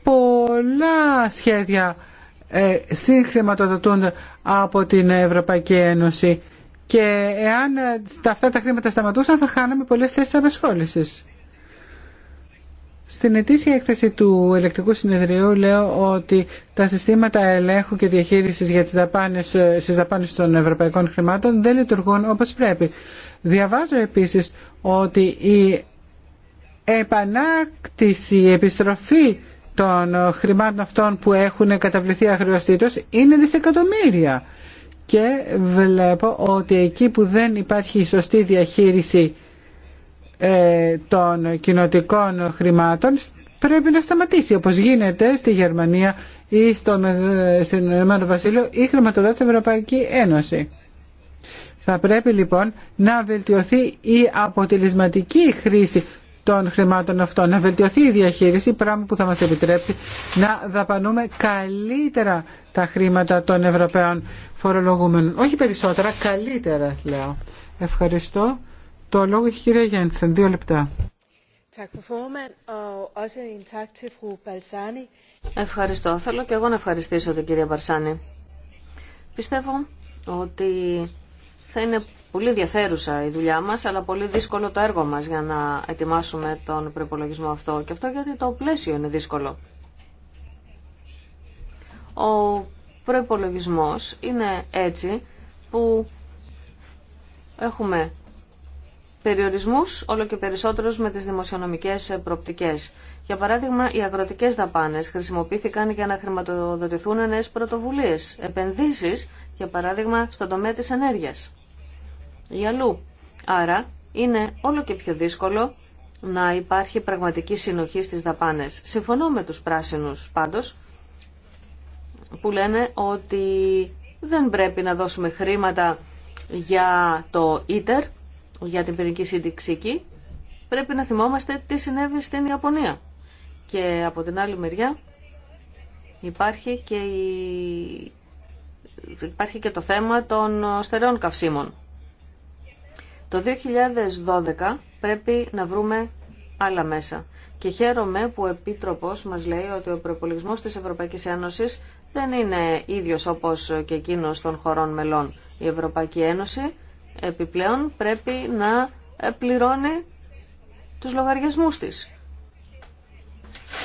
πολλά σχέδια ε, συγχρηματοδοτούν από την Ευρωπαϊκή Ένωση και εάν αυτά τα χρήματα σταματούσαν θα χάναμε πολλές θέσεις απασχόλησης. Στην ετήσια έκθεση του ελεκτικού συνεδρίου λέω ότι τα συστήματα ελέγχου και διαχείρισης για τις δαπάνες, στις των ευρωπαϊκών χρημάτων δεν λειτουργούν όπως πρέπει. Διαβάζω επίσης ότι η επανάκτηση, η επιστροφή των ε, χρημάτων αυτών που έχουν καταβληθεί αχρεωστήτως είναι δισεκατομμύρια. Και βλέπω ότι εκεί που δεν υπάρχει σωστή διαχείριση ε, των κοινοτικών χρημάτων πρέπει να σταματήσει όπως γίνεται στη Γερμανία ή στον, ε, στην ελλαδα Ένωση. Θα πρέπει λοιπόν να βελτιωθεί η χρηματοδοτηση ευρωπαικη ενωση θα πρεπει χρήση των χρημάτων αυτών, να βελτιωθεί η διαχείριση, πράγμα που θα μας επιτρέψει να δαπανούμε καλύτερα τα χρήματα των Ευρωπαίων φορολογούμενων. Όχι περισσότερα, καλύτερα λέω. Ευχαριστώ. Το λόγο έχει η κυρία Γέντσεν. Δύο λεπτά. Ευχαριστώ. Θέλω και εγώ να ευχαριστήσω την κυρία Μπαρσάνη. Πιστεύω ότι θα είναι πολύ ενδιαφέρουσα η δουλειά μας, αλλά πολύ δύσκολο το έργο μας για να ετοιμάσουμε τον προπολογισμό αυτό. Και αυτό γιατί το πλαίσιο είναι δύσκολο. Ο προπολογισμό είναι έτσι που έχουμε περιορισμούς όλο και περισσότερους με τις δημοσιονομικές προπτικές. Για παράδειγμα, οι αγροτικές δαπάνες χρησιμοποιήθηκαν για να χρηματοδοτηθούν νέες πρωτοβουλίες, επενδύσεις, για παράδειγμα, στον τομέα της ενέργειας. Η Άρα είναι όλο και πιο δύσκολο να υπάρχει πραγματική συνοχή στις δαπάνες. Συμφωνώ με τους πράσινους πάντως που λένε ότι δεν πρέπει να δώσουμε χρήματα για το ίτερ, για την πυρηνική σύνδεξη Πρέπει να θυμόμαστε τι συνέβη στην Ιαπωνία. Και από την άλλη μεριά υπάρχει και, υπάρχει και το θέμα των στερεών καυσίμων. Το 2012 πρέπει να βρούμε άλλα μέσα. Και χαίρομαι που ο Επίτροπος μας λέει ότι ο προπολογισμός της Ευρωπαϊκής Ένωσης δεν είναι ίδιος όπως και εκείνος των χωρών μελών. Η Ευρωπαϊκή Ένωση επιπλέον πρέπει να πληρώνει τους λογαριασμούς της.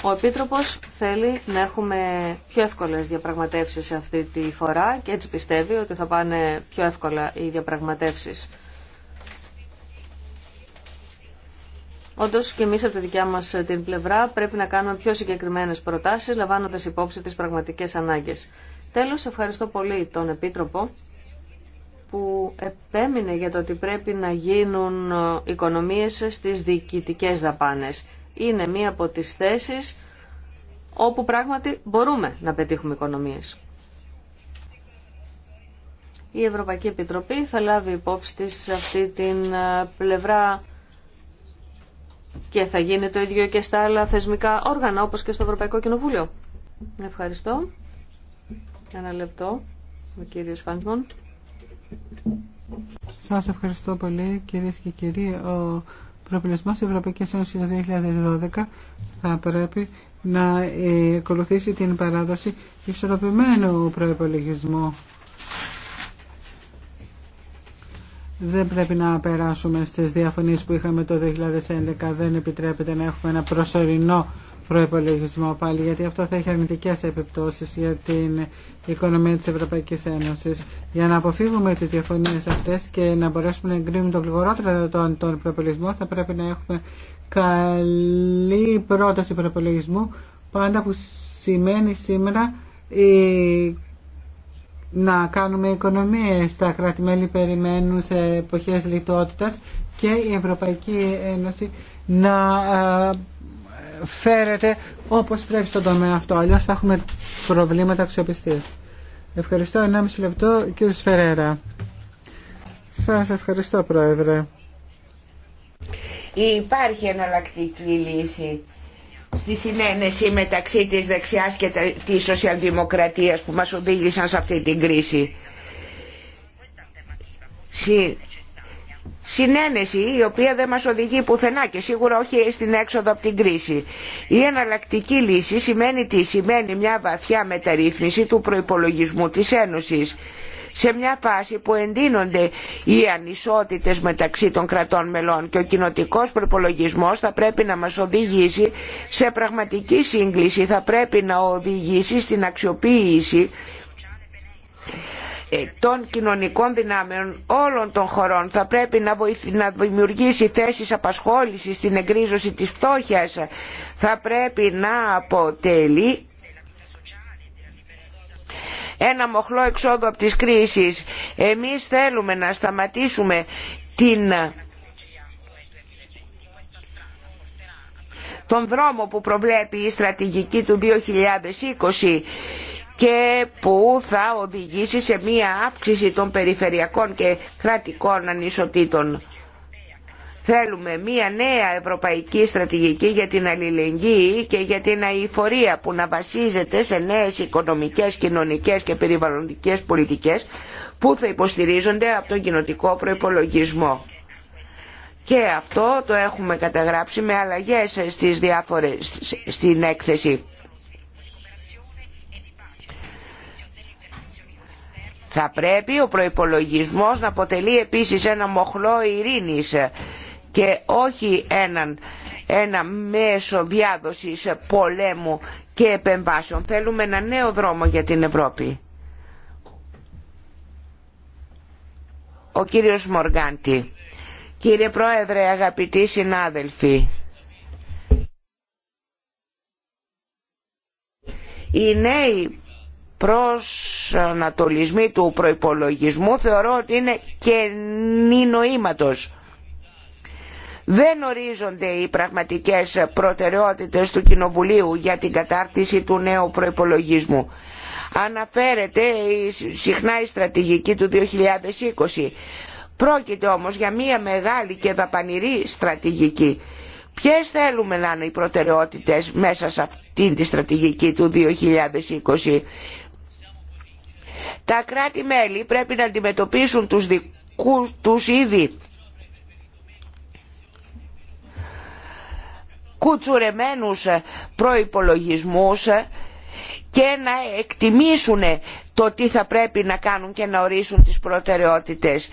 Ο Επίτροπος θέλει να έχουμε πιο εύκολες διαπραγματεύσεις αυτή τη φορά και έτσι πιστεύει ότι θα πάνε πιο εύκολα οι διαπραγματεύσεις. Όντω και εμεί από τη δικιά μα ε, την πλευρά πρέπει να κάνουμε πιο συγκεκριμένε προτάσει, λαμβάνοντα υπόψη τι πραγματικέ ανάγκε. Τέλο, ευχαριστώ πολύ τον Επίτροπο που επέμεινε για το ότι πρέπει να γίνουν ε, οικονομίες στις διοικητικές δαπάνες. Είναι μία από τις θέσεις όπου πράγματι μπορούμε να πετύχουμε οικονομίες. Η Ευρωπαϊκή Επιτροπή θα λάβει υπόψη της αυτή την ε, πλευρά και θα γίνει το ίδιο και στα άλλα θεσμικά όργανα, όπως και στο Ευρωπαϊκό Κοινοβούλιο. Ευχαριστώ. Ένα λεπτό, ο κύριος Φάντμον. Σας ευχαριστώ πολύ, κύριε και κύριοι. Ο προπολισμός Ευρωπαϊκής Ένωσης το 2012 θα πρέπει να ε, ακολουθήσει την παράδοση ισορροπημένου προϋπολογισμού Δεν πρέπει να περάσουμε στις διαφωνίες που είχαμε το 2011. Δεν επιτρέπεται να έχουμε ένα προσωρινό προϋπολογισμό πάλι, γιατί αυτό θα έχει αρνητικές επιπτώσεις για την οικονομία της Ευρωπαϊκής Ένωσης. Για να αποφύγουμε τις διαφωνίες αυτές και να μπορέσουμε να εγκρίνουμε τον γρηγορότερο τον, τον προϋπολογισμό, θα πρέπει να έχουμε καλή πρόταση προϋπολογισμού, πάντα που σημαίνει σήμερα η να κάνουμε οικονομίες. στα κράτη-μέλη περιμένουν σε εποχές λιτότητας και η Ευρωπαϊκή Ένωση να ε, φέρεται όπως πρέπει στον τομέα αυτό. Αλλιώς θα έχουμε προβλήματα αξιοπιστίας. Ευχαριστώ. 1,5 λεπτό κύριο Σφερέρα. Σας ευχαριστώ Πρόεδρε. Υπάρχει εναλλακτική λύση στη συνένεση μεταξύ της δεξιάς και της σοσιαλδημοκρατίας που μας οδήγησαν σε αυτή την κρίση. Συνένεση η οποία δεν μας οδηγεί πουθενά και σίγουρα όχι στην έξοδο από την κρίση. Η εναλλακτική λύση σημαίνει τι, σημαίνει μια βαθιά μεταρρύθμιση του προϋπολογισμού της Ένωσης σε μια φάση που εντείνονται οι ανισότητες μεταξύ των κρατών μελών και ο κοινοτικός προπολογισμός θα πρέπει να μας οδηγήσει σε πραγματική σύγκληση, θα πρέπει να οδηγήσει στην αξιοποίηση ε, των κοινωνικών δυνάμεων όλων των χωρών θα πρέπει να, να δημιουργήσει θέσεις απασχόλησης στην εγκρίζωση της φτώχειας θα πρέπει να αποτελεί ένα μοχλό εξόδου από τις κρίσεις. Εμείς θέλουμε να σταματήσουμε την... τον δρόμο που προβλέπει η στρατηγική του 2020 και που θα οδηγήσει σε μία αύξηση των περιφερειακών και κρατικών ανισοτήτων. Θέλουμε μία νέα ευρωπαϊκή στρατηγική για την αλληλεγγύη και για την αηφορία που να βασίζεται σε νέες οικονομικές, κοινωνικές και περιβαλλοντικές πολιτικές που θα υποστηρίζονται από τον κοινοτικό προϋπολογισμό. Και αυτό το έχουμε καταγράψει με αλλαγές στις διάφορες, στην έκθεση. Θα πρέπει ο προϋπολογισμός να αποτελεί επίσης ένα μοχλό ειρήνης και όχι έναν, ένα μέσο διάδοσης πολέμου και επεμβάσεων. Θέλουμε ένα νέο δρόμο για την Ευρώπη. Ο κύριος Μοργάντη. Κύριε Πρόεδρε, αγαπητοί συνάδελφοι, οι νέοι προσανατολισμοί του προϋπολογισμού θεωρώ ότι είναι κενή νοήματος δεν ορίζονται οι πραγματικές προτεραιότητες του Κοινοβουλίου για την κατάρτιση του νέου προϋπολογισμού. Αναφέρεται συχνά η στρατηγική του 2020. Πρόκειται όμως για μια μεγάλη και δαπανηρή στρατηγική. Ποιες θέλουμε να είναι οι προτεραιότητες μέσα σε αυτήν τη στρατηγική του 2020. Τα κράτη-μέλη πρέπει να αντιμετωπίσουν τους δικούς τους ήδη κουτσουρεμένους ε, προϋπολογισμούς ε, και να εκτιμήσουν το τι θα πρέπει να κάνουν και να ορίσουν τις προτεραιότητες.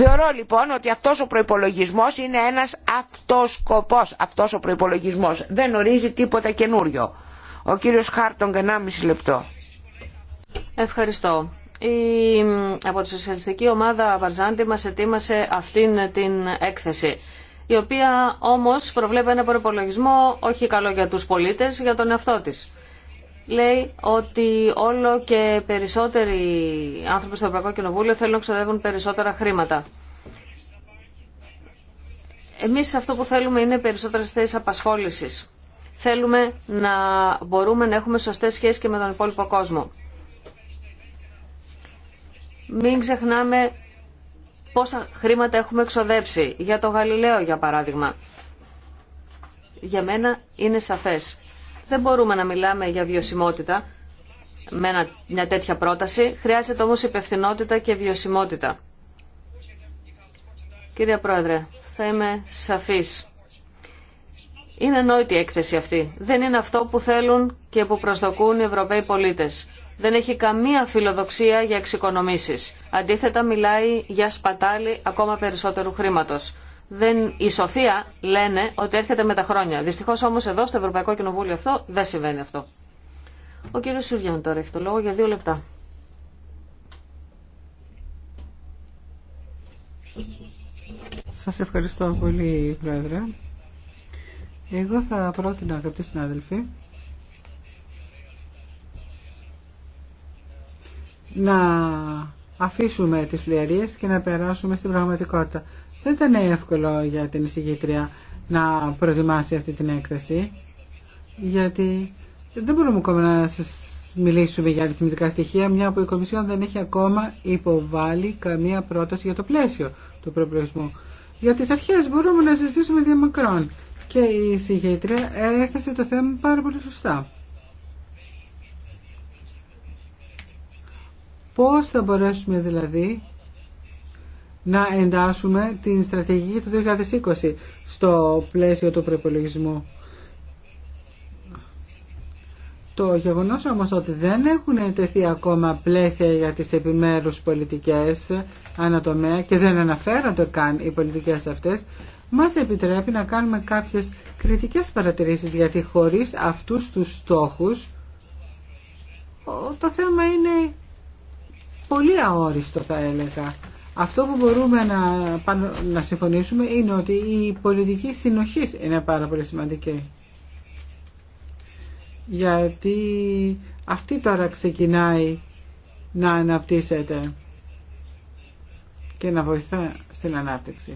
Θεωρώ λοιπόν ότι αυτός ο προϋπολογισμός είναι ένας αυτοσκοπός. Αυτός ο προϋπολογισμός δεν ορίζει τίποτα καινούριο. Ο κύριος Χάρτον, 1,5 λεπτό. Ευχαριστώ η, από τη Σοσιαλιστική Ομάδα Βαρζάντη μας ετοίμασε αυτήν την έκθεση η οποία όμως προβλέπει ένα προπολογισμό όχι καλό για τους πολίτες, για τον εαυτό της. Λέει ότι όλο και περισσότεροι άνθρωποι στο Ευρωπαϊκό Κοινοβούλιο θέλουν να ξοδεύουν περισσότερα χρήματα. Εμείς αυτό που θέλουμε είναι περισσότερες θέσεις απασχόλησης. Θέλουμε να μπορούμε να έχουμε σωστές σχέσεις και με τον υπόλοιπο κόσμο. Μην ξεχνάμε πόσα χρήματα έχουμε εξοδέψει. Για το Γαλιλαίο, για παράδειγμα. Για μένα είναι σαφές. Δεν μπορούμε να μιλάμε για βιωσιμότητα με μια τέτοια πρόταση. Χρειάζεται όμως υπευθυνότητα και βιωσιμότητα. Κύριε Πρόεδρε, θα είμαι σαφής. Είναι νόητη η έκθεση αυτή. Δεν είναι αυτό που θέλουν και που προσδοκούν οι Ευρωπαίοι πολίτες δεν έχει καμία φιλοδοξία για εξοικονομήσεις. Αντίθετα μιλάει για σπατάλη ακόμα περισσότερου χρήματος. Δεν, η σοφία λένε ότι έρχεται με τα χρόνια. Δυστυχώς όμως εδώ στο Ευρωπαϊκό Κοινοβούλιο αυτό δεν συμβαίνει αυτό. Ο κύριος Σουριάν τώρα έχει το λόγο για δύο λεπτά. Σας ευχαριστώ πολύ, Πρόεδρε. Εγώ θα πρότεινα, αγαπητοί συνάδελφοι, να αφήσουμε τις φλιαρίες και να περάσουμε στην πραγματικότητα. Δεν ήταν εύκολο για την εισηγήτρια να προετοιμάσει αυτή την έκθεση, γιατί δεν μπορούμε ακόμα να σας μιλήσουμε για αριθμητικά στοιχεία, μια που η Κομισιόν δεν έχει ακόμα υποβάλει καμία πρόταση για το πλαίσιο του προπλογισμού. Για τις αρχές μπορούμε να συζητήσουμε μακρόν Και η εισηγήτρια έθεσε το θέμα πάρα πολύ σωστά. Πώς θα μπορέσουμε δηλαδή να εντάσσουμε την στρατηγική του 2020 στο πλαίσιο του προπολογισμού. Το γεγονός όμως ότι δεν έχουν τεθεί ακόμα πλαίσια για τις επιμέρους πολιτικές ανατομέα και δεν αναφέρονται καν οι πολιτικές αυτές, μας επιτρέπει να κάνουμε κάποιες κριτικές παρατηρήσεις γιατί χωρίς αυτούς τους στόχους το θέμα είναι πολύ αόριστο θα έλεγα. Αυτό που μπορούμε να, συμφωνήσουμε είναι ότι η πολιτική συνοχή είναι πάρα πολύ σημαντική. Γιατί αυτή τώρα ξεκινάει να αναπτύσσεται και να βοηθά στην ανάπτυξη.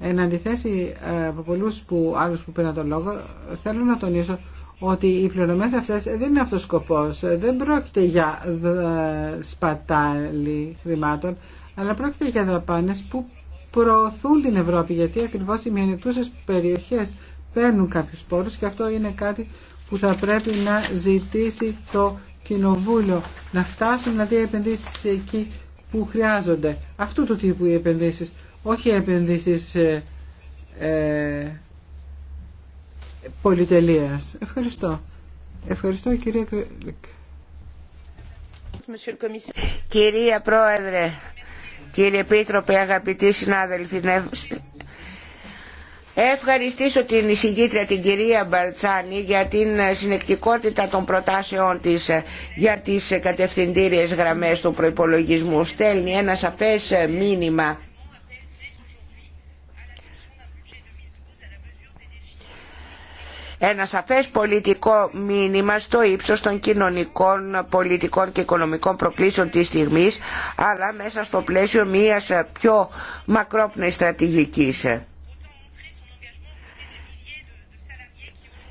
Εν αντιθέσει ε, από πολλούς που, άλλους που πήραν τον λόγο, θέλω να τονίσω ότι οι πληρωμές αυτές δεν είναι αυτός ο σκοπός. Δεν πρόκειται για σπατάλη χρημάτων, αλλά πρόκειται για δαπάνες που προωθούν την Ευρώπη, γιατί ακριβώς οι μειονεκτούσες περιοχές παίρνουν κάποιους πόρους και αυτό είναι κάτι που θα πρέπει να ζητήσει το Κοινοβούλιο, να φτάσουν δηλαδή οι επενδύσεις εκεί που χρειάζονται. Αυτού του τύπου οι επενδύσεις, όχι οι επενδύσεις ε, ε πολυτελείας. Ευχαριστώ. Ευχαριστώ κυρία Κρελικ. Κυρία Πρόεδρε, κύριε Επίτροπε, αγαπητοί συνάδελφοι, ευχαριστήσω την εισηγήτρια την κυρία Μπαλτσάνη για την συνεκτικότητα των προτάσεών της ε, για τις κατευθυντήριες γραμμές του προϋπολογισμού. Στέλνει ένα σαφές ε, μήνυμα ένα σαφές πολιτικό μήνυμα στο ύψος των κοινωνικών, πολιτικών και οικονομικών προκλήσεων της στιγμής, αλλά μέσα στο πλαίσιο μιας πιο μακρόπνοης στρατηγικής.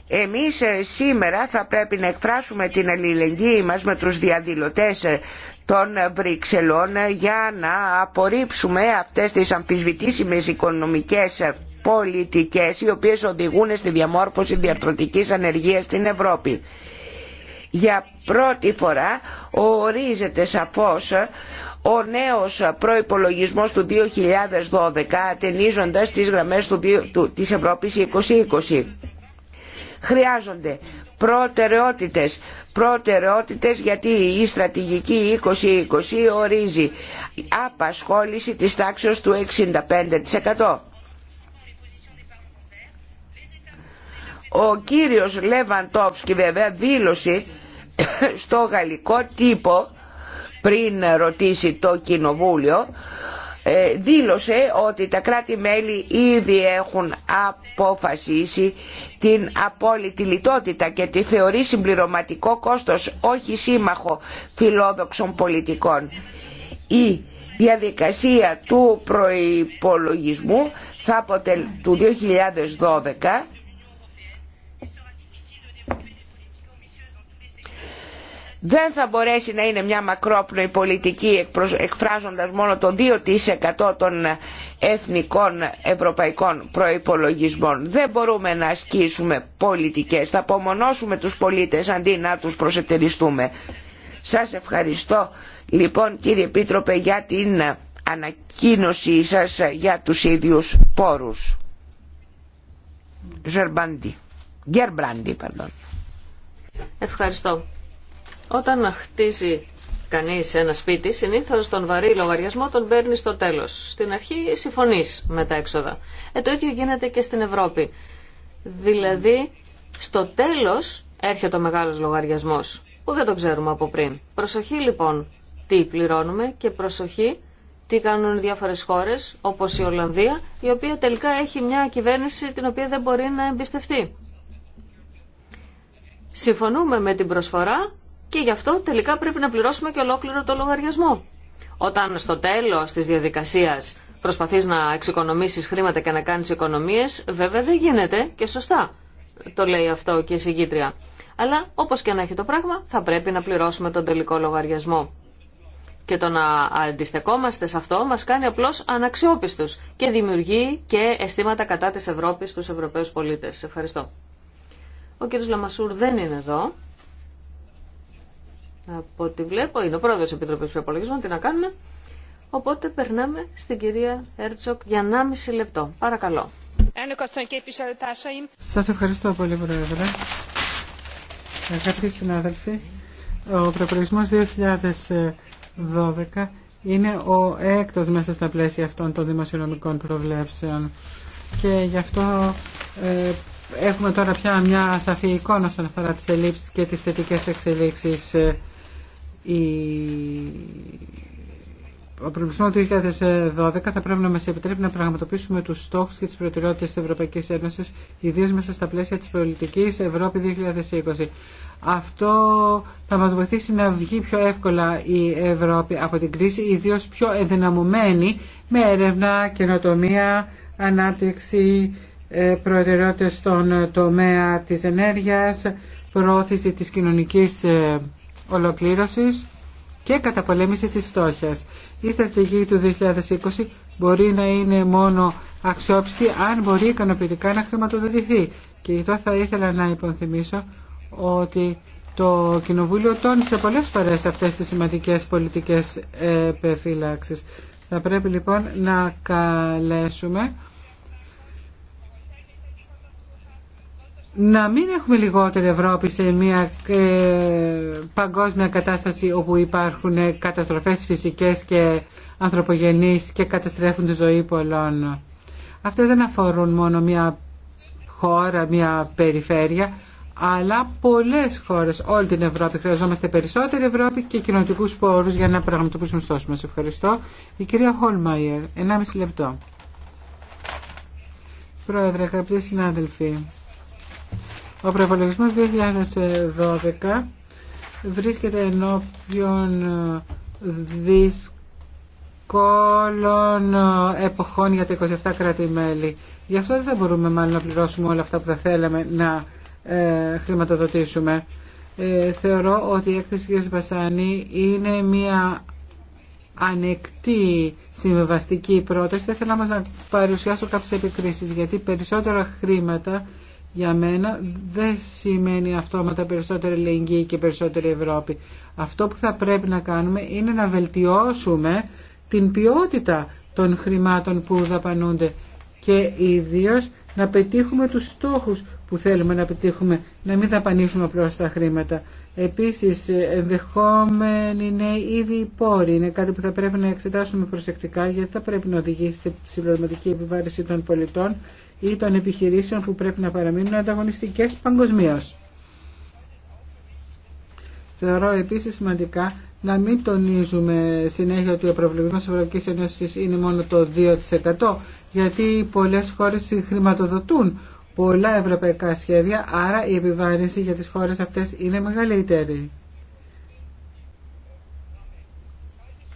Εμείς ε, σήμερα θα πρέπει να εκφράσουμε την αλληλεγγύη μας με τους διαδηλωτές ε, των Βρυξελών ε, για να απορρίψουμε αυτές τις αμφισβητήσιμες οικονομικές πολιτικές οι οποίες οδηγούν στη διαμόρφωση διαρθρωτικής ανεργίας στην Ευρώπη. Για πρώτη φορά ορίζεται σαφώς ο νέος προϋπολογισμός του 2012 ατενίζοντας τις γραμμές του, της Ευρώπης 2020. Χρειάζονται προτεραιότητες, προτεραιότητες γιατί η στρατηγική 2020 ορίζει απασχόληση της τάξεως του 65%. Ο κύριος Λεβαντόφσκι βέβαια δήλωσε στο γαλλικό τύπο πριν ρωτήσει το κοινοβούλιο ε, δήλωσε ότι τα κράτη-μέλη ήδη έχουν αποφασίσει την απόλυτη λιτότητα και τη θεωρεί συμπληρωματικό κόστος όχι σύμμαχο φιλόδοξων πολιτικών. Η διαδικασία του προϋπολογισμού θα αποτελ... του 2012 δεν θα μπορέσει να είναι μια μακρόπνοη πολιτική εκφράζοντας μόνο το 2% των εθνικών ευρωπαϊκών προϋπολογισμών. Δεν μπορούμε να ασκήσουμε πολιτικές, θα απομονώσουμε τους πολίτες αντί να τους προσετεριστούμε. Σας ευχαριστώ λοιπόν κύριε Επίτροπε για την ανακοίνωσή σας για τους ίδιους πόρους. Ευχαριστώ. Όταν χτίζει κανεί ένα σπίτι, συνήθω τον βαρύ λογαριασμό τον παίρνει στο τέλο. Στην αρχή συμφωνεί με τα έξοδα. Ε, το ίδιο γίνεται και στην Ευρώπη. Δηλαδή, στο τέλος έρχεται ο μεγάλο λογαριασμός, που δεν το ξέρουμε από πριν. Προσοχή λοιπόν τι πληρώνουμε και προσοχή τι κάνουν διάφορες χώρες, όπως η Ολλανδία, η οποία τελικά έχει μια κυβέρνηση την οποία δεν μπορεί να εμπιστευτεί. Συμφωνούμε με την προσφορά, και γι' αυτό τελικά πρέπει να πληρώσουμε και ολόκληρο το λογαριασμό. Όταν στο τέλο τη διαδικασία προσπαθεί να εξοικονομήσει χρήματα και να κάνει οικονομίε, βέβαια δεν γίνεται και σωστά το λέει αυτό και η συγκήτρια. Αλλά όπω και να έχει το πράγμα θα πρέπει να πληρώσουμε τον τελικό λογαριασμό. Και το να αντιστεκόμαστε σε αυτό μας κάνει απλώς αναξιόπιστους και δημιουργεί και αισθήματα κατά της Ευρώπης στους Ευρωπαίους πολίτες. Ευχαριστώ. Ο κ. Λαμασούρ δεν είναι εδώ από ό,τι βλέπω, είναι ο πρόεδρος της Επιτροπής Προπολογισμών, τι να κάνουμε. Οπότε περνάμε στην κυρία Έρτσοκ για 1,5 λεπτό. Παρακαλώ. Σας ευχαριστώ πολύ, Πρόεδρε. Αγαπητοί συνάδελφοι, ο προπολογισμός 2012 είναι ο έκτος μέσα στα πλαίσια αυτών των δημοσιονομικών προβλέψεων και γι' αυτό ε, έχουμε τώρα πια μια σαφή εικόνα όσον αφορά τι ελλείψεις και τις θετικές εξελίξεις ε, ο προβλησμό του 2012 θα πρέπει να μα επιτρέπει να πραγματοποιήσουμε τους στόχου και τι προτεραιότητε της Ευρωπαϊκής Ένωση, ιδίως μέσα στα πλαίσια της πολιτικής Ευρώπη 2020. Αυτό θα μας βοηθήσει να βγει πιο εύκολα η Ευρώπη από την κρίση, ιδίως πιο ενδυναμωμένη με έρευνα, καινοτομία, ανάπτυξη, ε, προτεραιότητες στον τομέα της ενέργειας, προώθηση της κοινωνικής ε, ολοκλήρωσης και καταπολέμηση της φτώχειας. Η στρατηγική του 2020 μπορεί να είναι μόνο αξιόπιστη αν μπορεί ικανοποιητικά να χρηματοδοτηθεί. Και εδώ θα ήθελα να υποθυμίσω ότι το Κοινοβούλιο τόνισε πολλές φορές αυτές τις σημαντικές πολιτικές ε, επιφύλαξεις. Θα πρέπει λοιπόν να καλέσουμε να μην έχουμε λιγότερη Ευρώπη σε μια ε, παγκόσμια κατάσταση όπου υπάρχουν καταστροφές φυσικές και ανθρωπογενείς και καταστρέφουν τη ζωή πολλών. Αυτές δεν αφορούν μόνο μια χώρα, μια περιφέρεια, αλλά πολλές χώρες, όλη την Ευρώπη. Χρειαζόμαστε περισσότερη Ευρώπη και κοινωτικού πόρους για να πραγματοποιήσουμε στόχους μας. Ευχαριστώ. Η κυρία Χολμαϊερ, 1,5 λεπτό. Πρόεδρε, αγαπητοί συνάδελφοι. Ο προπολογισμό 2012 βρίσκεται ενώπιον δύσκολων εποχών για τα 27 κράτη-μέλη. Γι' αυτό δεν θα μπορούμε μάλλον να πληρώσουμε όλα αυτά που θα θέλαμε να ε, χρηματοδοτήσουμε. Ε, θεωρώ ότι η έκθεση κ. Βασάνη είναι μια ανεκτή συμβαστική πρόταση. Θα ήθελα να παρουσιάσω κάποιες επικρίσεις γιατί περισσότερα χρήματα για μένα δεν σημαίνει αυτόματα περισσότερη ελληνική και περισσότερη Ευρώπη. Αυτό που θα πρέπει να κάνουμε είναι να βελτιώσουμε την ποιότητα των χρημάτων που δαπανούνται και ιδίω να πετύχουμε τους στόχους που θέλουμε να πετύχουμε, να μην δαπανίσουμε απλώ τα χρήματα. Επίσης, ενδεχόμενοι είναι ήδη οι πόροι. Είναι κάτι που θα πρέπει να εξετάσουμε προσεκτικά γιατί θα πρέπει να οδηγήσει σε συμπληρωματική επιβάρηση των πολιτών ή των επιχειρήσεων που πρέπει να παραμείνουν ανταγωνιστικές παγκοσμίω. Θεωρώ επίσης σημαντικά να μην τονίζουμε συνέχεια ότι ο προβληματισμό τη Ευρωπαϊκής Ένωσης είναι μόνο το 2% γιατί πολλές χώρες χρηματοδοτούν πολλά ευρωπαϊκά σχέδια, άρα η επιβάρυνση για τις χώρες αυτές είναι μεγαλύτερη.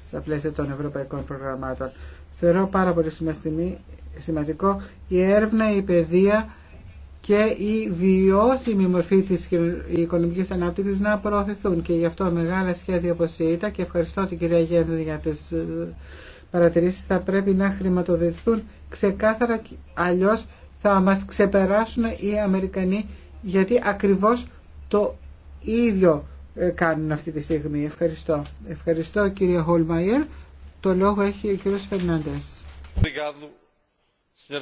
Στα πλαίσια των ευρωπαϊκών προγραμμάτων θεωρώ πάρα πολύ σημαντικό η έρευνα, η παιδεία και η βιώσιμη μορφή της οικονομικής ανάπτυξης να προωθηθούν και γι' αυτό μεγάλα σχέδια όπως η και ευχαριστώ την κυρία Γένδη για τις ε, παρατηρήσεις θα πρέπει να χρηματοδοτηθούν ξεκάθαρα αλλιώς θα μας ξεπεράσουν οι Αμερικανοί γιατί ακριβώς το ίδιο ε, κάνουν αυτή τη στιγμή. Ευχαριστώ. Ευχαριστώ κύριε Χολμαϊερ. Το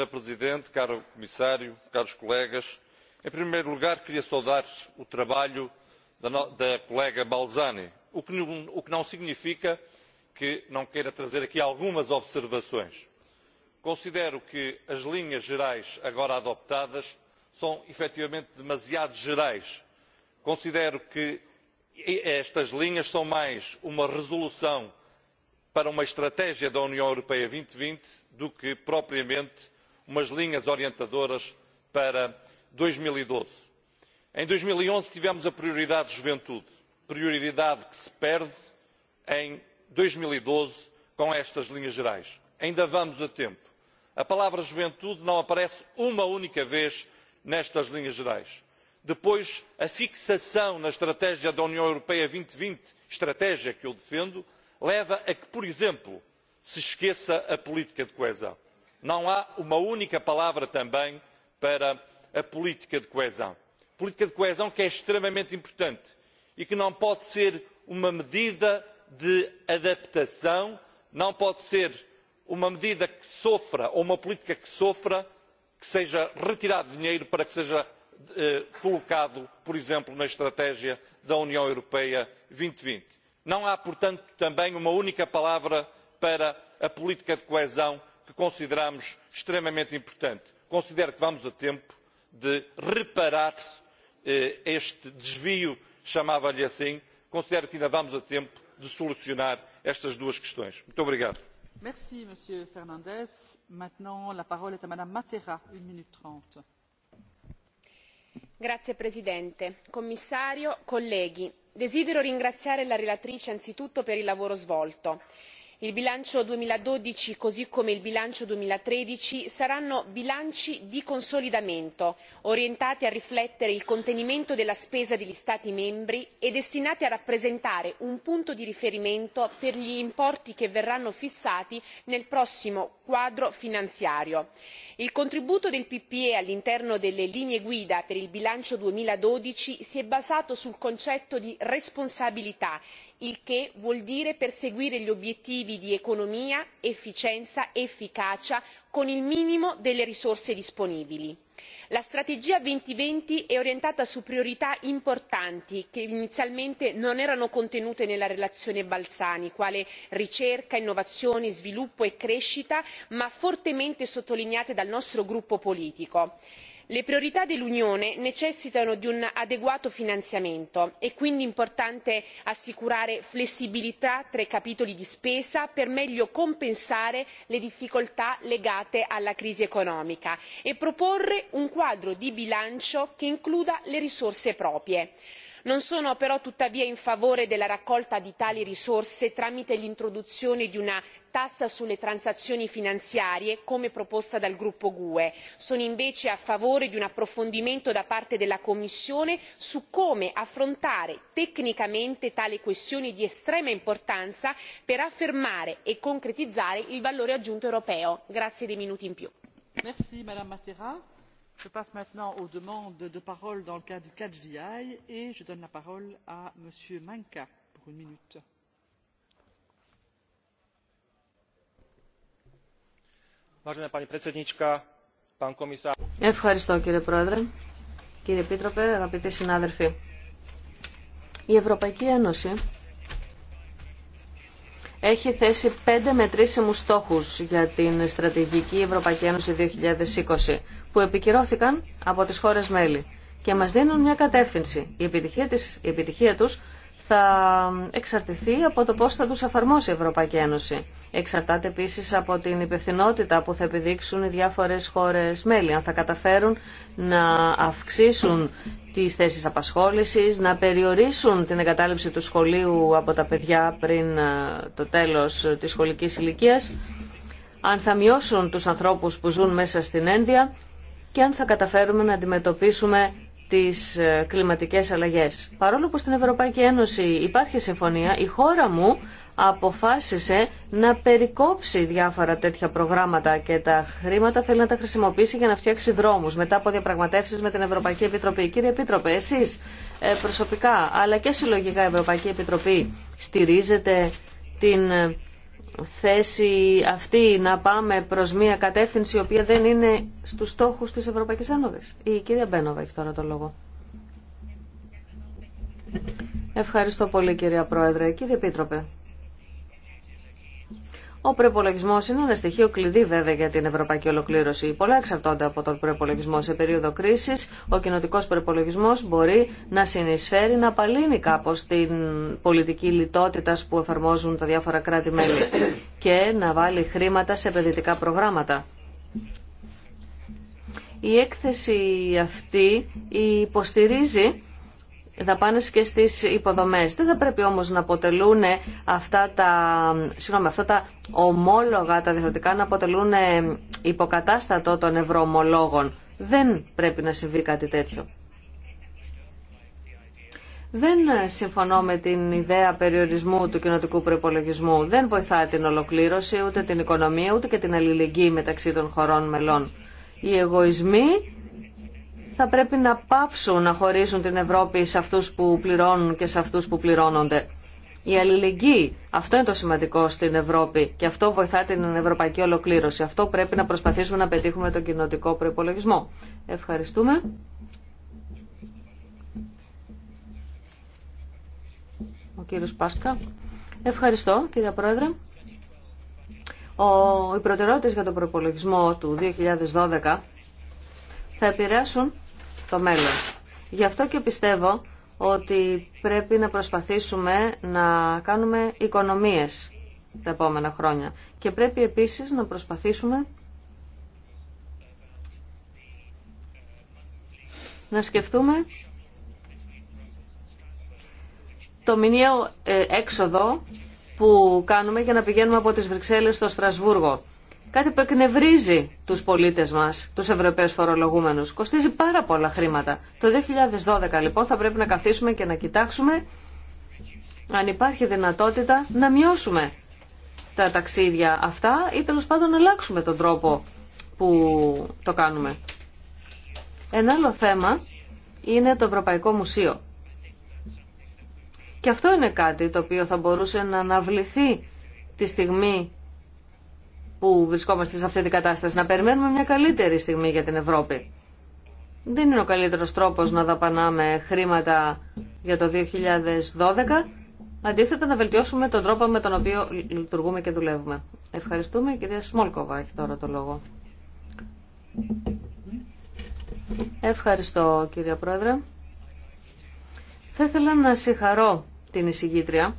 Presidente, caro Comissário, caros colegas, Em primeiro lugar, queria saudar o trabalho da colega Balzani, o que não significa que não queira trazer aqui algumas observações. Considero que as linhas gerais agora adoptadas são efetivamente demasiado gerais. Considero que estas linhas são mais uma resolução para uma estratégia da união europeia dois vinte do que propriamente umas linhas orientadoras para. dois mil e doze em dois mil e onze tivemos a prioridade juventude prioridade que se perde em dois mil doze com estas linhas gerais. ainda vamos a tempo. a palavra juventude não aparece uma única vez nestas linhas gerais. depois a fixação na estratégia da união europeia dois e vinte estratégia que eu defendo leva a que por exemplo se esqueça a política de coesão. não há uma única palavra também para a política de coesão política de coesão que é extremamente importante e que não pode ser uma medida de adaptação não pode ser uma medida que sofra ou uma política que sofra que seja retirado dinheiro para que seja colocado por exemplo na estratégia da união europeia dois mil não há portanto também uma única palavra para a política de coesão que consideramos extremamente importante. considero que vamos a tempo de reparar este desvio chamava lhe assim considero que ainda vamos a tempo de solucionar estas duas questões. muito obrigado desidero ringraziare la relatrice anzitutto per il lavoro svolto il bilancio duemiladodici così come il bilancio duemilatredici saranno bilanci di consolidamento orientati a riflettere il contenimento della spesa degli stati membri e destinati a rappresentare un punto di riferimento per gli importi che verranno fissati nel prossimo quadro finanziario. il contributo del ppe all'interno delle linee guida per il bilancio duemiladodici si è basato sul concetto di responsabilità il che vuol dire perseguire gli obiettivi di economia efficienza efficacia con il minimo delle risorse disponibili. la strategia duemilaventi è orientata su priorità importanti che inizialmente non erano contenute nella relazione balzani quali ricerca innovazione sviluppo e crescita ma fortemente sottolineate dal nostro gruppo politico le priorità dell'unione necessitano di un adeguato finanziamento è quindi importante assicurare flessibilità tra i capitoli di spesa per meglio compensare le difficoltà legate alla crisi economica e proporre un quadro di bilancio che includa le risorse proprie non sono però tuttavia in favore della raccolta di tali risorse tramite l'introduzione di una tassa sulle transazioni finanziarie come proposta dal gruppo gue sono invece a favore di un approfondimento da parte della commissione su come affrontare tecnicamente tale questione di estrema importanza per affermare e concretizzare il valore aggiunto europeo Je passe maintenant aux demandes de parole dans le cadre du catch the eye et je donne la parole à M. maka pour une minute. Ευχαριστώ κύριε Πρόεδρε, κύριε Επίτροπε, αγαπητοί συνάδελφοι. Η Ευρωπαϊκή Ένωση έχει θέσει πέντε μετρήσιμους στόχους για την Στρατηγική Ευρωπαϊκή Ένωση 2020 που επικυρώθηκαν από τις χώρες μέλη και μας δίνουν μια κατεύθυνση. Η επιτυχία, της, επιτυχία τους θα εξαρτηθεί από το πώς θα τους αφαρμόσει η Ευρωπαϊκή Ένωση. Εξαρτάται επίσης από την υπευθυνότητα που θα επιδείξουν οι διάφορες χώρες μέλη, αν θα καταφέρουν να αυξήσουν τις θέσεις απασχόλησης, να περιορίσουν την εγκατάλειψη του σχολείου από τα παιδιά πριν ε, το τέλος της σχολικής ηλικίας, αν θα μειώσουν τους ανθρώπους που ζουν μέσα στην ένδια και αν θα καταφέρουμε να αντιμετωπίσουμε τις ε, κλιματικές αλλαγές. Παρόλο που στην Ευρωπαϊκή Ένωση υπάρχει συμφωνία, η χώρα μου αποφάσισε να περικόψει διάφορα τέτοια προγράμματα και τα χρήματα θέλει να τα χρησιμοποιήσει για να φτιάξει δρόμους μετά από διαπραγματεύσεις με την Ευρωπαϊκή Επιτροπή. Κύριε Επίτροπε, εσείς ε, προσωπικά αλλά και συλλογικά η Ευρωπαϊκή Επιτροπή στηρίζετε την ε, θέση αυτή να πάμε προς μια κατεύθυνση η οποία δεν είναι στους στόχους της Ευρωπαϊκής Ένωσης. Η κυρία Μπένοβα έχει τώρα το λόγο. Ευχαριστώ πολύ κυρία Πρόεδρε. Κύριε Επίτροπε, ο προπολογισμό είναι ένα στοιχείο κλειδί βέβαια για την ευρωπαϊκή ολοκλήρωση. Πολλά εξαρτώνται από τον προπολογισμό. Σε περίοδο κρίση, ο κοινοτικό προπολογισμό μπορεί να συνεισφέρει, να απαλύνει κάπω την πολιτική λιτότητα που εφαρμόζουν τα διάφορα κράτη-μέλη και να βάλει χρήματα σε επενδυτικά προγράμματα. Η έκθεση αυτή υποστηρίζει δαπάνες και στις υποδομές. Δεν θα πρέπει όμως να αποτελούν αυτά τα, συγγνώμη, αυτά ομόλογα, τα διευθυντικά, να αποτελούν υποκατάστατο των ευρωομολόγων. Δεν πρέπει να συμβεί κάτι τέτοιο. Δεν συμφωνώ με την ιδέα περιορισμού του κοινοτικού προπολογισμού. Δεν βοηθά την ολοκλήρωση, ούτε την οικονομία, ούτε και την αλληλεγγύη μεταξύ των χωρών μελών. Οι εγωισμοί θα πρέπει να πάψουν να χωρίζουν την Ευρώπη σε αυτούς που πληρώνουν και σε αυτούς που πληρώνονται. Η αλληλεγγύη, αυτό είναι το σημαντικό στην Ευρώπη και αυτό βοηθά την ευρωπαϊκή ολοκλήρωση. Αυτό πρέπει να προσπαθήσουμε να πετύχουμε τον κοινοτικό προϋπολογισμό. Ευχαριστούμε. Ο κύριος Πάσκα. Ευχαριστώ κύριε Πρόεδρε. Ο, οι προτεραιότητες για τον προϋπολογισμό του 2012 θα επηρεάσουν το μέλλον. Γι' αυτό και πιστεύω ότι πρέπει να προσπαθήσουμε να κάνουμε οικονομίες τα επόμενα χρόνια. Και πρέπει επίσης να προσπαθήσουμε να σκεφτούμε το μηνιαίο ε, έξοδο που κάνουμε για να πηγαίνουμε από τις Βρυξέλλες στο Στρασβούργο κάτι που εκνευρίζει τους πολίτες μας, τους Ευρωπαίους φορολογούμενους. Κοστίζει πάρα πολλά χρήματα. Το 2012 λοιπόν θα πρέπει να καθίσουμε και να κοιτάξουμε αν υπάρχει δυνατότητα να μειώσουμε τα ταξίδια αυτά ή τέλο πάντων να αλλάξουμε τον τρόπο που το κάνουμε. Ένα άλλο θέμα είναι το Ευρωπαϊκό Μουσείο. Και αυτό είναι κάτι το οποίο θα μπορούσε να αναβληθεί τη στιγμή που βρισκόμαστε σε αυτή την κατάσταση, να περιμένουμε μια καλύτερη στιγμή για την Ευρώπη. Δεν είναι ο καλύτερος τρόπος να δαπανάμε χρήματα για το 2012, αντίθετα να βελτιώσουμε τον τρόπο με τον οποίο λειτουργούμε και δουλεύουμε. Ευχαριστούμε. Η κυρία Σμόλκοβα έχει τώρα το λόγο. Ευχαριστώ κυρία Πρόεδρε. Θα ήθελα να συγχαρώ την εισηγήτρια,